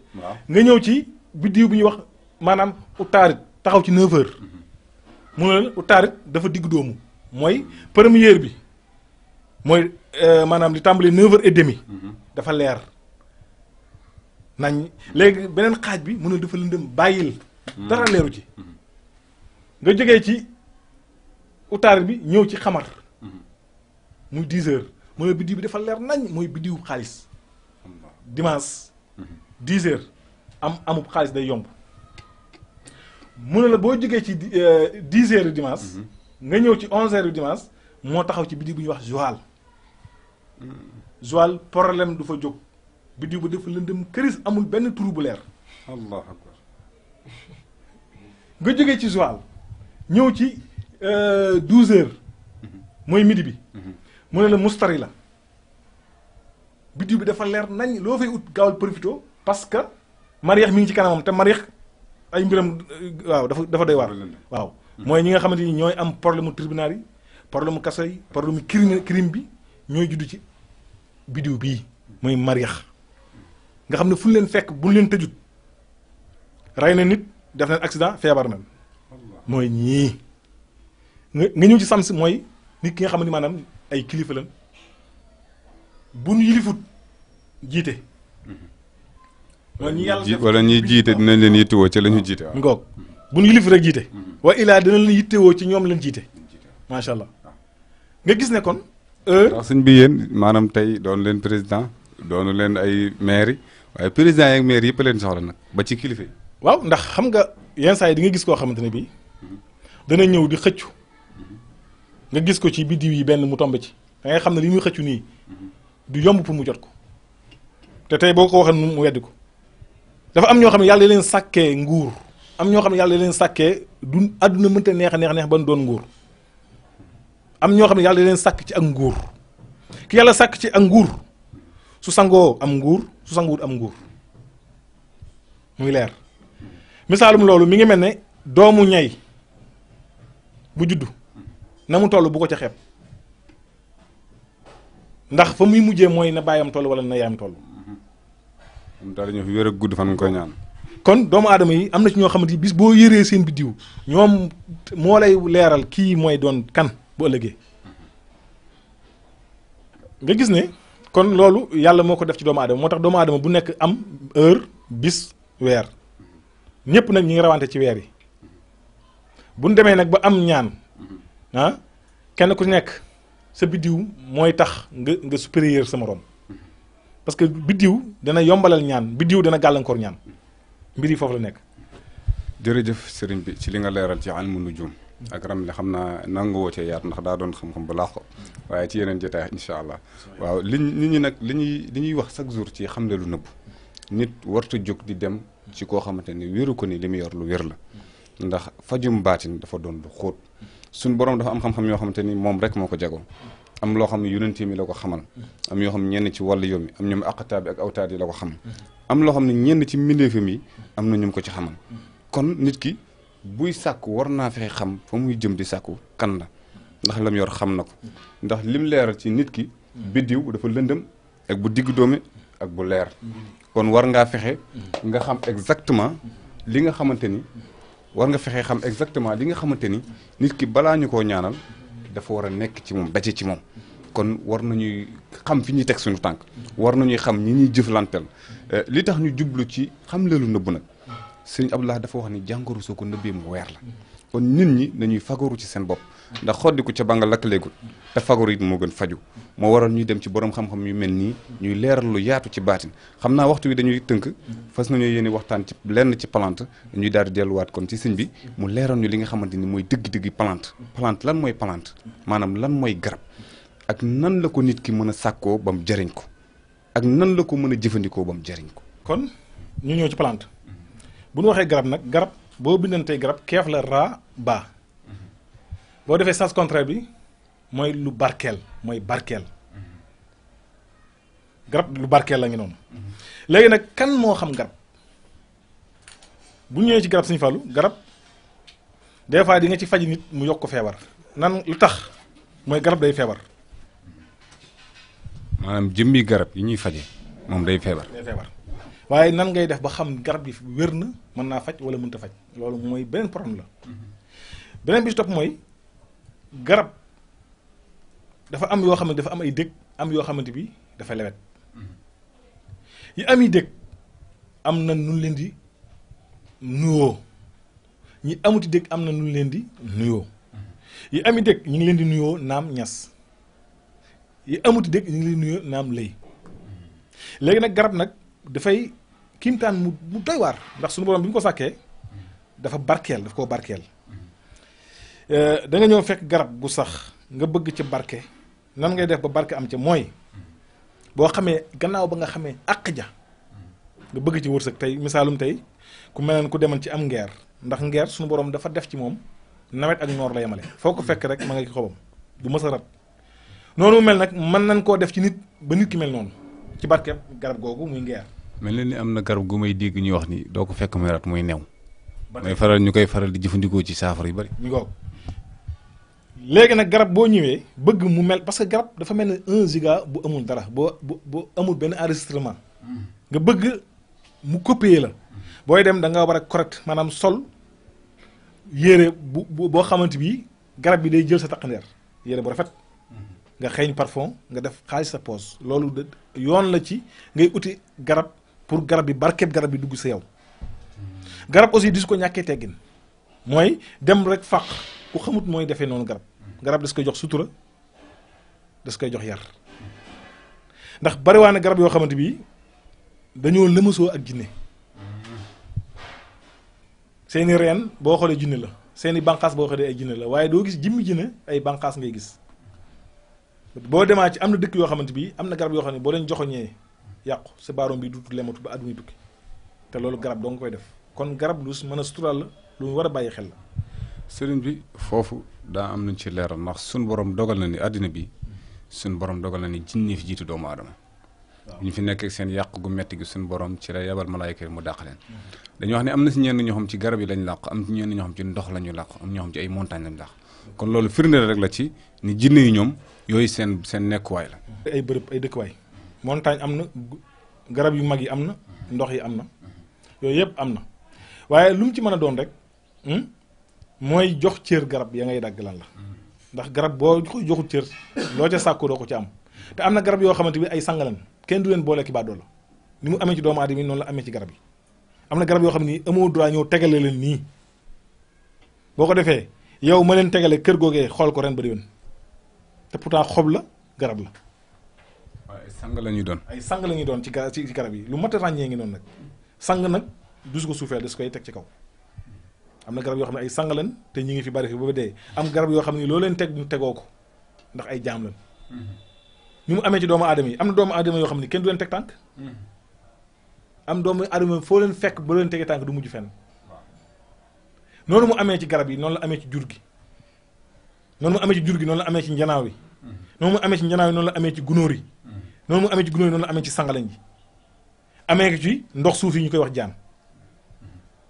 nga ñëw ci biddiw bi ñuy wax maanaam utaarit taxaw ci neuf heures. Mhm. mu ne leen utaarit dafa diggu doomu mooy première bi mooy euh, maanaam li tàmbali neuf heures et demi mhm. dafa leer nañ léegi beneen xaaj bi mu ne dafa lëndëm bàyyil mhm. dara leeru ci mhm. nga jógee ci utaarit bi ñëw ci xamar muy dix heures mu ne biddiw bi dafa leer nañ mooy biddiwu xaalis dimanche dix heures am amub xaalis day yomb mu ne la boo jógee ci di euh, dix heures yu dimanche. Mhm. nga ñëw ci onze heures yu dimanche moo taxaw ci biddiw bu ñuy wax Joal. Mm. Joal problème du fa jóg biddiw ba dafa lëndëm këris amul benn trou bu leer. allah akbar nga jógee ci Joal ñëw ci euh, douze heures mhm. mooy midi bi. Mhm. mu la mustari la biddiw bi dafa leer nañ loo fay ut gaawal profito parce que Mariax mi ngi ci kanamam te Mariax. ay mbiram waaw dafa dafa doy waar waaw mooy ñi nga xamante ni ñooy am problème mu tribunal yi problème mu kaso yi problème mu crime bi ñooy judd ci biddiw bii mooy mariax nga xam ne fu ñu leen fekk bu ñu leen tëjut rey na nit def na accident feebar na mooy ñii nga ñëw ci sams mooy nit ki nga xam ne maanaam ay kilifa lañ bu ñu yilifut jiite wala ñuy jiite dinañ leen yittewoo ci la ñu jiite waaw ngoog bu ñu yilif rek jiite hmm. wa ilaa dinañ leen yittewoo ci ñoom leen jiite macha allah nga gis ne kon ndax sëñ bi yéen maanaam tey doon leen président doonu leen ay maire yi waaye président yeeg maire yëpp leen soxla nag ba ci kilifa waaw ndax xam nga yenn saa yi di nga gis koo xamante ne bii hmm. dana ñëw di xëccu hmm. nga gis ko ci biddiw yi benn mu tomb ci da xam ne li muy xëccu nii du yomb pour mu jot ko te tey boo ko waxee mu weddi ko dafa am ñoo xam ne yàlla leen sàkkee nguur am ñoo xam ne yàlla leen sàkkee du àdduna mënta neex a neex neex ba nu doon nguur am ñoo xam ne yàlla leen sàkk ci ak nguur ki yàlla sàkk ci ak nguur su sangoo am nguur su sanguwut am nguur muy leer misaalum loolu mi ngi mel ne doomu ñay bu juddu na mu toll bu ko ca xeeb ndax fa muy mujjee mooy na baayam toll wala na yaayam toll am daal ñoo fi wér ak gudd fan nga koy ñaan. kon doomu aadama yi am na ci ñoo xamante ni bis boo yëree seen biddiw ñoom moo lay leeral kii mooy doon kan bu ëllëgee nga gis ne kon loolu yàlla moo ko def ci doomu aadama moo tax doomu aadama bu nekk am heure bis weer ñëpp nag ñi ngi rawante ci weer yi bu ñu demee nag ba am ñaan ah, kenn ku nekk sa biddiw mooy tax nga nga supérieur sa moroom parce que biddiw dana yombalal ñaan biddiw dana gàllankoor ñaan mbir yi foofu la nekk. jërëjëf sëriñ bi ci li nga leeral ci almu nujum ak ram li xam naa nangu woo cee yaat ndax daa doon xam-xam bu laax ko waaye ci yeneen jotaay incha allah waaw li nit ñi nag li ñuy li ñuy wax chaque jour ci xam ne lu nëbb nit wartu jóg di dem ci koo xamante ni wéru ko ni li mu yor lu wér la ndax fajum baatin dafa doon lu xóot suñ borom dafa am xam-xam yoo xamante ni moom rek moo ko jagoo am loo xam ne yonent mi la ko xamal am yoo xam ñenn ci wàllu yoon mi am ñoom aqtaab bi ak awtaat yi la ko xam am loo xam ne ñenn ci mbindeefam yi am na ñoom ko ci xamal kon nit ki buy sàkku war naa fexe xam fa muy jëm di sàkku kan la ndax lam yor xam na ko ndax lim leeral ci nit ki biddiw dafa lëndëm ak bu digg doomi ak bu leer kon war ngaa fexe nga xam exactement li nga xamante ni war nga fexe xam exactement li nga xamante ni nit ki balaa ñu koo ñaanal dafa war a nekk ci moom daje ci moom kon war nañuy xam fi ñuy teg suñu tànk war nañuy xam ñi ñuy jëflanteel eh, li tax ñu jublu ci xam leelu nëbb nag sëñ Abdoulaye dafa wax ni jàngoro soo ko nëbbee mu weer la kon nit ñi nañuy fagaru ci seen bopp ndax xoddiku ca ba nga lakkaleegul te fagaru it moo gën faju moo waral ñuy dem ci borom xam-xam yu mel nii ñuy leeral lu yaatu ci baatin xam naa waxtu wi dañuy tënk fas nañoo yéene waxtaan ci lenn ci plante ñuy daal di delluwaat kon ci sëñ bi mu leeral ñu li nga xamante ni mooy dëgg-dëgg plante plante lan mooy plante lan mooy garab ak nan la ko nit ki mën a sàkkoo ba mu jëriñ ko ak nan la ko mën a jëfandikoo ba mu jëriñ ko. kon ñu ñëw ci palant bu ñu waxee garab nag garab boo bindantee garab keef la raa baa boo defee sens contraire bi mooy lu barkeel mooy barkeel garab lu barkeel la ngi noonu. léegi nag kan moo xam garab bu ñëwee ci garab suñu fàllu garab des fois di nga ci faj nit mu yokk ko feebar nan lu tax mooy garab day feebar. maanaam bi garab yi ñuy faje moom day feebar day feebar waaye nan ngay def ba xam garab yi gi wér na mën naa faj wala mënta faj loolu mooy beneen problème la beneen bi ci mooy garab dafa am yoo xam ne dafa am ay dëkk am yoo xamante bi dafa lewet yi am yi dëkk am na nun leen di nuyoo ñi amuti dëkk am na nun leen di nuyoo yi am yi dëkk ñu ngi leen di nuyoo naam ñas yi amuti dégg ñu ngi nuyu naam lay léegi nag garab nag dafay kiimtaan mu mu doy waar ndax suñu borom bi ñu ko sàkkee dafa barkeel daf koo barkeel euh, da nga ñëw fekk garab gu sax nga bëgg ci barke nan ngay def ba barke am ca mooy boo xamee gannaaw ba nga xamee àq ja nga bëgg ci wërsëg tey misaalum tey ku mel ne ku demoon ci am ngeer ndax ngeer suñu borom dafa def ci moom nawet ak noor la yemale foo ko fekk rek ma nga ci xobam du mës a rab noonu mel nag mën nañ koo def ci nit ba nit ki mel noonu ci barkeb garab googu muy ngeer mel na ni am na garab gu may dégg ñuy wax ni doo ko fekk muy rat muy new may faral ñu koy faral di jëfandikoo ci saafara yu bari ñu ko léegi nag garab boo ñëwee bëgg mu mel parce que garab dafa mel ne un giga bu amul dara boo bu amul benn enregistrement hmm. nga bëgg mu copier la booy dem da nga war a correct maanaam sol yére bu boo xamante bi garab bi day jël sa taqandeer yére bu rafet nga xeeñ parfum nga def xaalis sa poos loolu de yoon la ci ngay uti garab pour garab bi barkeb garab bi dugg sa yow garab aussi di su ko ñàkkee teggin mooy dem rek fàq ku xamut mooy defee noonu garab garab das koy jox sutura das koy jox yar ndax bariwaa na garab yoo xamante bi dañoo lëmasoo ak jinne seeni reen boo xoolee jinne la seeni bànqaas boo xoolee ay jinne la waaye doo gis jimmi jinne ay bànqaas ngay gis boo demaat ci am na dëkk yoo xamante bi am na garab yoo xam ne boo leen joxoñee yàqu sa baaroom bi du lematu ba àdduna tukki te loolu garab doo koy def kon garab lu mën a suturaal la lu war a bàyyi xel la bi foofu daa am nañ ci leeral ndax suñ borom dogal na ni àddina bi suñ borom dogal na ni jinne fi jiitu doomu aadama ñu fi nekk seen yàq gu metti gi suñ borom ci la yabal malaayka yi mu dàq leen dañuy wax ne am na si ñenn ñoo xam ci garab yi lañ làq am ci ñenn ñoo xam ci ndox la ñu làq am ñoo ay montagne lañ làq kon loolu firnde rek la ci ni jinne yi ñoom yooyu seen seen nekkuwaay la. ay bërëb ay dëkkuwaay montagne am na garab yu mag yi am na ndox yi am na yooyu yëpp am na waaye lu mu ci mën a doon rek hmm, mooy jox cër garab ya ngay dagg lan la ndax garab boo ko joxu cër loo ca sàkku ko ci am te am na garab yoo xamante bi ay sangalan kenn du leen boole ki baadoo la mu amee ci doomu aadama yi noonu la amee ci garab yi am na garab yoo xam ni amoo droit ñëw tegale leen nii boo ko defee yow ma leen tegale kër googee xool ko ren ba déwén te pourtant xob la garab la. ay sang la ñuy doon. ay sang la ñuy doon ci ga ci garab yi lu mat a ràññee ngi noonu nag sang nag du su ko suufee da su koy teg ci kaw. am na garab yoo xam ne ay sang lañ te ñu ngi fi bari fi ba dee am garab yoo xam ne loo leen teg ñu tegoo ko ndax ay jaam mm-hmm. mu amee ci doomu aadama yi am doomu aadama yoo xam ne kenn du leen teg tànk. Mm-hmm. am doomu aadama foo leen fekk ba leen tegee tànk du mujj fenn. noonu mu amee ci garab yi noonu la amee ci jur gi. noonu mu amee ci jur gi noonu la amee ci njanaaw yi noonu mu amee ci njanaaw yi noonu la amee ci gunóor yi noonu mu amee ci gunóor yi noonu la amee ci sangalañ ji amee ci ndox suuf yi ñu koy wax jaan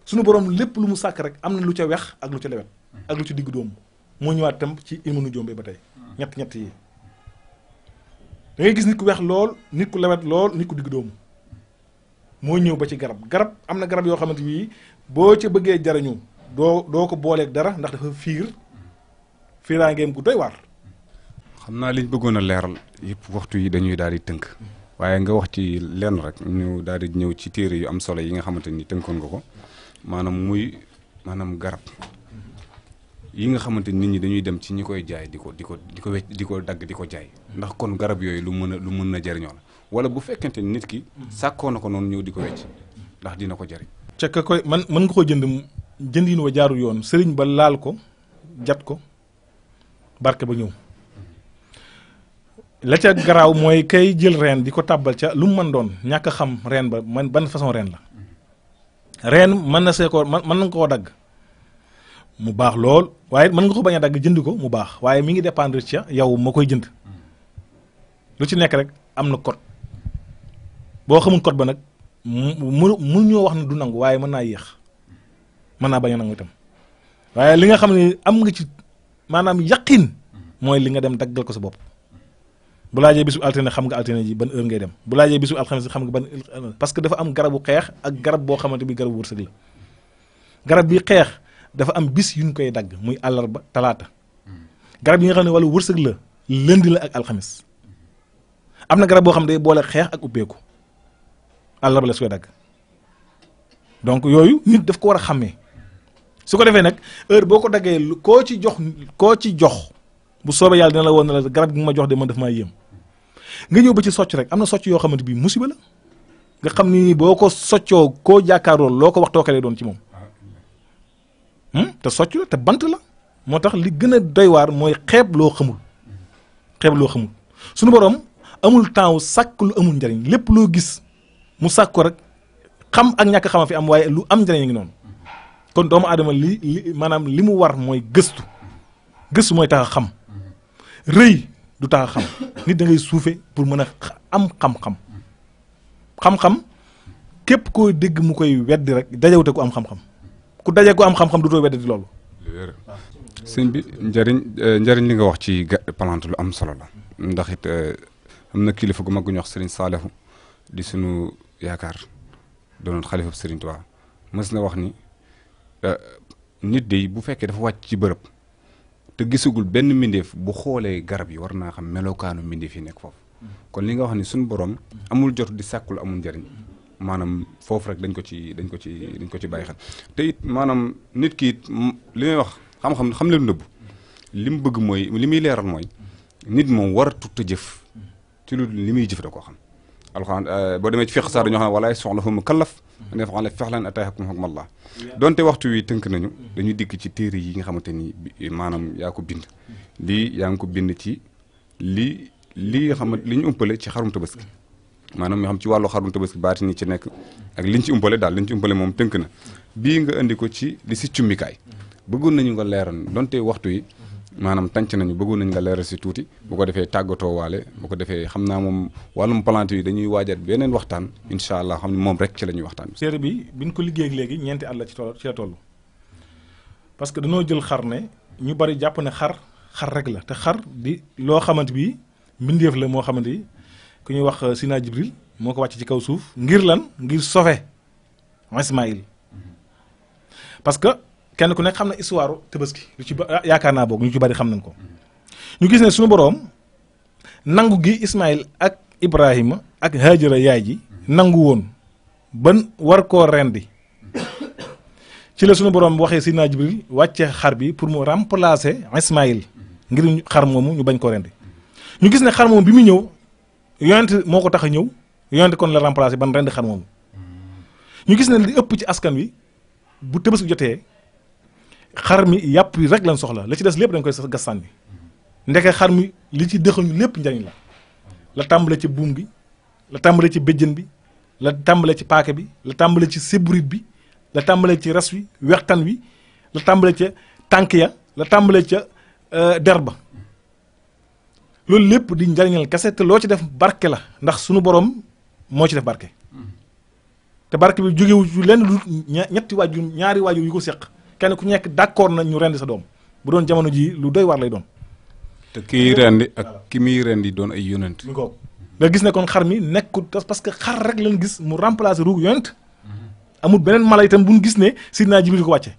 sunu borom lépp lu mu sàkk rek am na lu ca wex ak lu ca lawet ak lu ca diggu dóomu moo ñëwaat tam ci ilmu nu jóombee ba tey ñett ñett yi da gis nit ku weex lool nit ku lawet lool nit ku digg doomu moo ñëw ba ci garab garab am na garab yoo xamante ni boo ca bëggee jariñu doo doo ko booleeg dara ndax dafa fiir fiiraangeem gu doy waar. xam naa liñ bëggoon a leeral yépp waxtu yi dañuy daal di tënk waaye nga wax ci lenn rek ñu daal ñëw ci téere yu am solo yi nga xamante ni tënkoon nga ko maanaam muy maanaam garab yi nga xamante nit ñi dañuy dem ci ñi koy jaay di ko di ko di ko wecc di ko dagg di ko jaay ndax kon garab yooyu lu mën a lu mën a jëriñoo la wala bu fekkente ni nit ki sàkkoo na ko noonu ñëw di ko wecc ndax dina ko jariñ ca ka koy man mën nga ko jënd jëndin wa jaarul yoon sëriñ ba laal ko jat ko. barke ba ñëw la ca garaaw mooy kay jël reen di ko tàbbal ca lu mu mën doon ñàkk a xam reen ba man ban façon reen la reen mën na see ko mën mën nga koo dagg mu baax lool waaye mën nga ko bañ a dagg jënd ko mu baax waaye mi ngi dépendre ca yow ma koy jënd lu ci nekk rek am na code boo xamul code ba nag mu mu ñoo wax ne du nangu waaye mën naa yéex mën naa bañ a nangu itam waaye li nga xam ne am nga ci maanaam yaqin mooy li nga dem daggal ko sa bopp bu laajee bisu altine xam nga altine ji ban heure ngay dem bu laajee bisu alxames xam nga ban parce que dafa am garabu xeex ak garab boo xamante bi garabu wërsëg la garab bi xeex dafa am bis yu ñu koy dagg muy àllarba talaata garab yi nga xam ne wàllu wërsëg la lëndi la ak alxames am na garab boo xam ne day boole xeex ak ubbeeku àllarba la su koy dagg donc yooyu nit daf ko war a xàmmee su ko defee nag heure boo ko daggee koo ci jox koo ci jox bu soobee yàlla dina la woon na la garab gi ma jox de man daf maa yéem nga ñëw ba ci socc rek am na socc yoo xamante bi musiba la nga xam ni boo ko soccoo koo jàkkaaroo loo ko wax tookelee doon ci moom hmm? te socc la te bant la moo tax li gën a doy mooy xeeb loo xamul xeeb loo xamul suñu borom amul temps wu sàkk lu amul njariñ lépp loo gis mu sàkk ko rek xam ak ñàkk xama fi am waaye lu am njariñ ngi noonu kon doomu aadama li maanaam li mu war mooy gëstu gëstu mooy tax xam rëy du tax a xam nit da ngay suufe pour mën a am xam-xam xam-xam képp koo dégg mu koy weddi rek dajawute ku am xam-xam ku daje ku am xam du too weddi loolu. sëñ bi njëriñ euh, njëriñ li nga wax ci plante lu am solo la ndax it euh, am na kilifa gu mag ñox ñu wax di sunu yaakaar doonoon xalifa Serigne Touba mës na wax ni. Euh, nit de bu fekkee dafa wàcc ci bërëb te gisagul benn mbindeef bu xoolee garab yi war naa xam melokaanu mbindeef yi nekk foofu kon li nga wax ni suñu borom amul jot di sàkkul amul njariñ maanaam foofu rek dañ ko ci dañ ko ci dañ ko ci bàyyi xel te it maanaam nit ki li may wax xam-xam xam leen nëbb li mu bëgg mooy li muy leeral mooy nit moom waratu a jëf ci lu li muy jëf da koo xam alxuraan euh, boo demee ci fiq sax dañoo xam ne walaay soxla fa mu kallaf ne fa xam ne fexlan ataakum hukmallah donte waxtu wi tënk nañu dañu dikk ci téere yi nga xamante ni maanaam yaa ko bind lii yaa ngi ko bind ci lii lii nga xam li ñu umpale ci xarum tabaski maanaam ñoo xam ci wàllu xarum tabaski baati ni ci nekk ak liñ ci umpale daal liñ ci moom tënk na bii nga indi ko ci li si cummikaay bëggoon nañu nga leeral donte waxtu yi maanaam tànc nañu bëggoon nañ nga leeral si tuuti bu ko defee tàggatoo waale bu ko defee xam naa moom wàllum plante yi dañuy waajat beneen waxtaan incha allah xam ne moom rek ci la ñuy waxtaan téere bi biñ ko liggéey léegi ñeenti at la ci toll ci la toll parce que dañoo jël xar ne ñu bari jàpp ne xar xar rek la te xar di loo xamante bi mbindeef la moo xamante ni ku ñuy wax si euh, Sina Jibril moo ko wàcc ci kaw suuf ngir lan ngir sauver Ismaïl parce que kenn ku nekk xam na histoire tabaski lu ci ah, yaakaar naa boog ñu ci bari xam nañ ko ñu gis ne suñu boroom nangu gi Ismaïl ak Ibrahima ak Hajara yaay ji nangu woon ban war koo rendi ci la suñu boroom waxee si naa Jibril wàcce xar bi pour mu remplacer Ismaïl ngir xar moomu ñu bañ ko rendi ñu gis ne xar moomu bi mu ñëw yonent moo ko tax a ñëw yonent kon la remplacer ban rend xar moomu ñu gis ne li ëpp ci askan wi bu tabaski jotee xar mi yàpp wi rek lañ soxla la ci des lépp dañ koy gas sànni ndeke xar mi li ci dëxuñu lépp njariñ la la tàmbale ci buum gi la tàmbale ci béjjën bi la tàmbale ci paaka bi la tàmbale ci sébrit bi la tàmbale ci ras wi wextan wi la tàmbale ca tànk ya la tàmbale ca euh, der ba loolu lépp di njariñal kese te loo ci def barke la ndax sunu boroom moo ci def barke mm. te barke bi jógewu ci lenn lu ñetti waajur ñaari waajur yu ko seq kenn ku nekk d'accord nañ ñu rend sa doom bu doon jamono ji lu doy war lay doon. te kii rendi ak ki muy yi doon ay yonent. nga gis ne kon xar mi nekkul parce que xar rek lañ gis mu remplacer ruug mhm. amul beneen mala itam bu ñu gis ne Sidna Jibril ko wàcce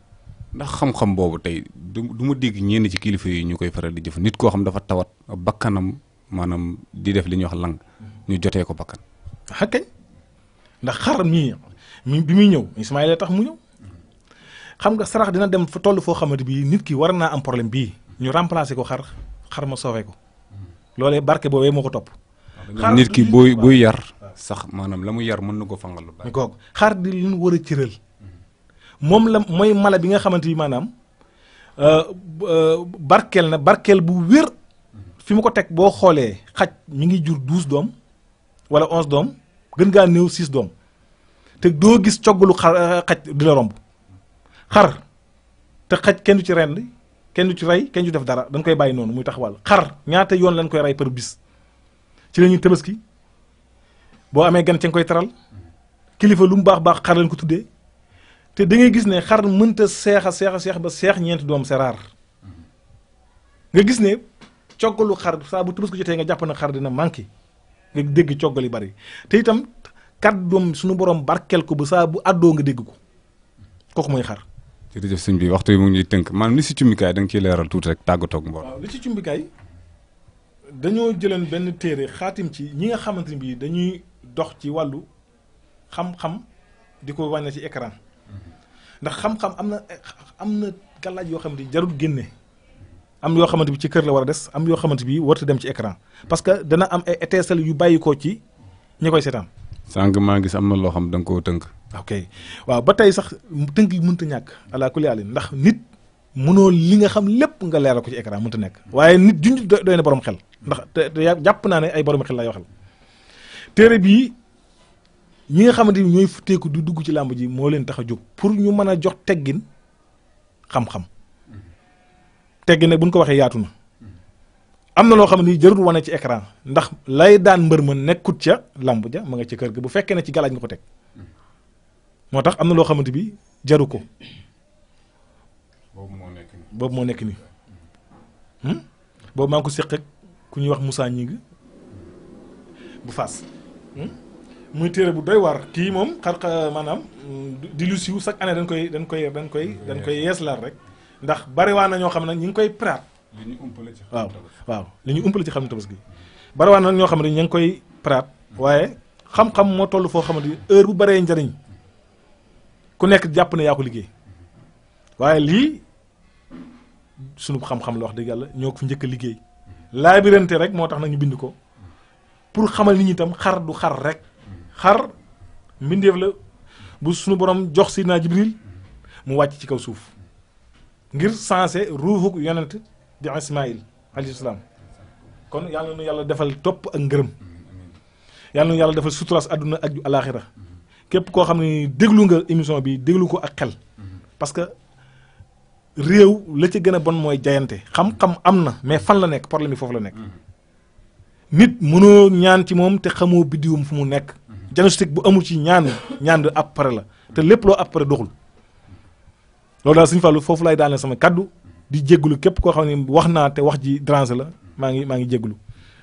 ndax xam-xam boobu tey du du ma dégg ñenn ci kilifa yi ñu koy faral di jëf nit koo xam dafa tawat bakkanam maanaam di def li ñuy wax lang ñu jotee ko bakkan. xakkañ ndax xar mii bi muy ñëw Ismaayla tax mu ñëw xam nga sarax dina dem fa toll foo xamante bii nit ki war naa am problème bii ñu remplacer ko xar xar ma soowee ko loolee barke boobee moo ko topp. xar nit ki buy buy yar. sax maanaam la mu yar mën na ko fangal lu bari. kooku xar di lu ñu war a cëral. moom la mooy mala bi nga xamante bi maanaam euh, euh, barkeel na barkeel bu wér. fi mu ko teg boo xoolee xaj mi ngi jur douze doom wala onze doom gën gaa néew six doom te doo gis coggalu xar euh, xaj di la romb. xar te xaj kenn du ci rend kenn du ci rey kenn du def dara dañ koy bàyyi noonu muy taxawal xar ñaata yoon lañ koy rey par bis ci la ñuy tabaski boo amee gan ca nga koy taral kilifa lu mu baax baax xar lañ ko tuddee te da ngay gis ne xar mënta seex a seex a seex ba seex ñeenti doom c'est rare nga gis ne coggalu xar saa bu tabaski jotee nga jàpp na xar dina manqué nga dégg coggal yi bari te itam kat doom suñu borom barkeel ko ba saa bu àddoo nga dégg ko kooku mooy xar. jërëjëf sëñ bi waxtu yi mu ngi tënk maanaam li si cumbikaay da nga ciy leeral tuuti rek tàggatoog mboor waaw li si cumbikaay dañoo jëleen benn téere xaatim ci ñi nga xamante ni bii dañuy dox ci wàllu xam-xam di ko wàññi ci écran ndax xam-xam am na am na gàllaaj yoo xamante ni jarul génne am yoo xamante bi ci kër la war a des am yoo xamante bi warta dem ci écran parce que dana am ay étincelle yu bàyyi ko ci ñi koy seetaan. sànq maa gis am na loo xam danga nga koo tënk. ok waaw ba tey sax tënk yi mënta ñàkk ala kulli ndax nit mënoo li nga xam lépp nga leeral ko ci écran mënta nekk waaye nit junj doy na borom xel ndax te jàpp naa ne ay borom xel lay waxal téere bii ñi nga xamante ni ñooy futteeku du dugg ci làmb ji moo leen tax a jóg pour ñu mën a jox teggin xam-xam teggin nag bu ñu ko waxee yaatu na am na loo xam ni jarul wane ci écran ndax lay daan mbër ma nekkut ca làmb ja ma nga ca kër ga bu fekkee ne ci galaaj nga ko teg moo tax am na loo xamante bi jaru ko boobu moo nekk nii boobu moo nekk nii hmm? boobu maa ko séq ak ku ñuy wax Moussa Gningue bu Fass hmm? muy téere bu doy waar kii moom xar maanaam di lu siiw chaque année dañ koy dañ koy dañ koy dañ koy yeeslaat rek ndax barewaa na ñoo xam ne ñu ngi koy praat li ñu umpale ci waaw waaw li ñu umpale ci xam tabaski barewaa ñoo xam ne ñu ngi koy praat waaye xam-xam moo toll foo xamante heure bu baree njariñ ku nekk jàpp ne yaa ko liggéey waaye lii sunu xam-xam la wax dëgg yàlla ñoo fi njëkk a liggéey laabirante rek moo tax nag ñu bind ko pour xamal nit ñi tam xar du xar rek xar mbindeef la bu sunu borom jox si naa jibril mu wàcc ci kaw suuf ngir sensé ruuxuk yonent di ismail alayhi salaam kon yàlla nu yàlla defal topp ak ngërëm yàlla nu yàlla defal suturaas àdduna ak ju alaaxira képp koo xam ne déglu nga émission bi déglu ko ak xel parce que réew la ci gën a bon mooy jayante xam-xam am na mais fan la nekk problème foofu la nekk nit mënoo ñaan ci moom te xamoo biddiwum fu mu nekk diagnostic bu amul ci ñaan ñaan après la te lépp loo après doxul loolu daal suñu fàllu foofu lay daaneel sama kaddu di jégglu képp koo xam ne wax naa te wax ji dérange la maa ngi maa ngi jégglu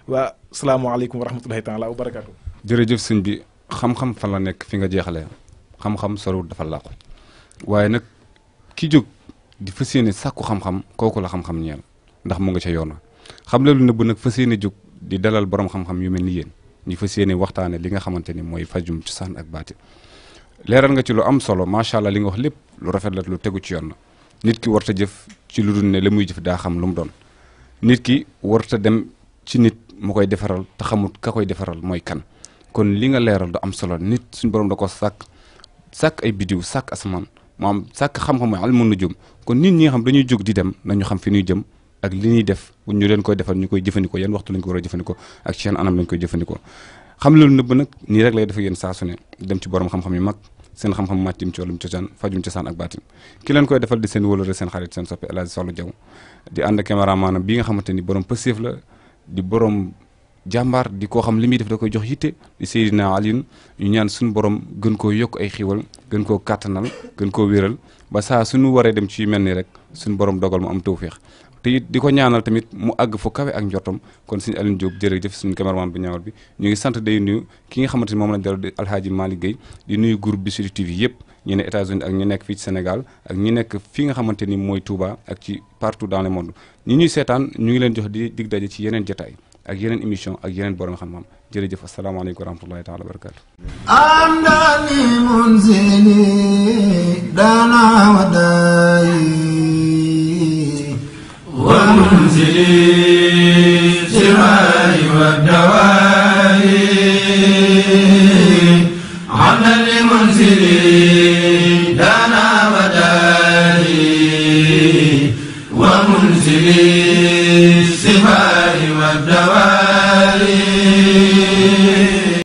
waa salaamaaleykum wa rahmatulahi taala wa barakaatu jërëjëf sëñ xam-xam fan la nekk fi nga jeexale xam-xam sorewut dafa làqu waaye nag ki jóg di fas yéene sàkku xam-xam kooku la xam-xam ñeel ndax mu nga ca yoon xam la lu nëbb nag fa yéene jóg di dalal borom xam-xam yu mel ni yéen ñu fas yéene waxtaane li nga xamante ni mooy fajum cosaan ak baati leeral nga ci lu am solo macha allah li nga wax lépp lu rafet la lu tegu ci yoon na nit ki war warta jëf ci lu dul ne la muy jëf daa xam lu mu doon nit ki warta dem ci nit mu koy defaral te xamut ka koy defaral mooy kan kon li nga leeral du am solo nit suñu borom da ko sàkk sàkk ay bidiw sàkk asamaan maanaam sàkk xam-xam mooy almun nujum kon nit ñi nga xam dañuy jóg di dem nañu xam fi ñuy jëm ak li ñuy def ñu leen koy defal ñu koy jëfandikoo yan waxtu lañ ko war a jëfandikoo ak ci yan anam lañ koy jëfandikoo xam loolu nëbb nag nii rek lay def yéen saa su ne dem ci borom xam-xam yu mag seen xam-xam màccim ci cosaan fajum cosaan ak baatim ki leen koy defal ni borom jàmbaar di koo xam li muy def da koy jox yitte di Seydina Alioune ñu ñaan suñu borom gën koo yokk ay xiiwal gën koo kàttanal gën koo wéral ba saa suñu waree dem ci mel nii rek suñu borom dogal mu am tew feex te it di ko ñaanal tamit mu àgg fu kawe ak njortam kon suñu Alioune Diop jërëjëf suñu cameraman bu ñaawal bi ñu ngi sant day nuyu ki nga xamante ni moom lañ dal di Alhaaji Malick Gueye di nuyu groupe Bichri yëpp ñu ne États-Unis ak ñu nekk fii ci Sénégal ak nekk fi nga xamante ni mooy Touba ak ci partout dans le monde ñi ñuy seetaan ñu ngi leen jox di dig daje ci yeneen jotaay ak yeneen émission ak yeneen borom xam-xam jërëjëf asalaamaaleykum wa rahmatullahi taala wa barakaatu andani munzili dana wadai wa munzili sirai wa dawai andani munzili dana wadai wa munzili sirai الدوالي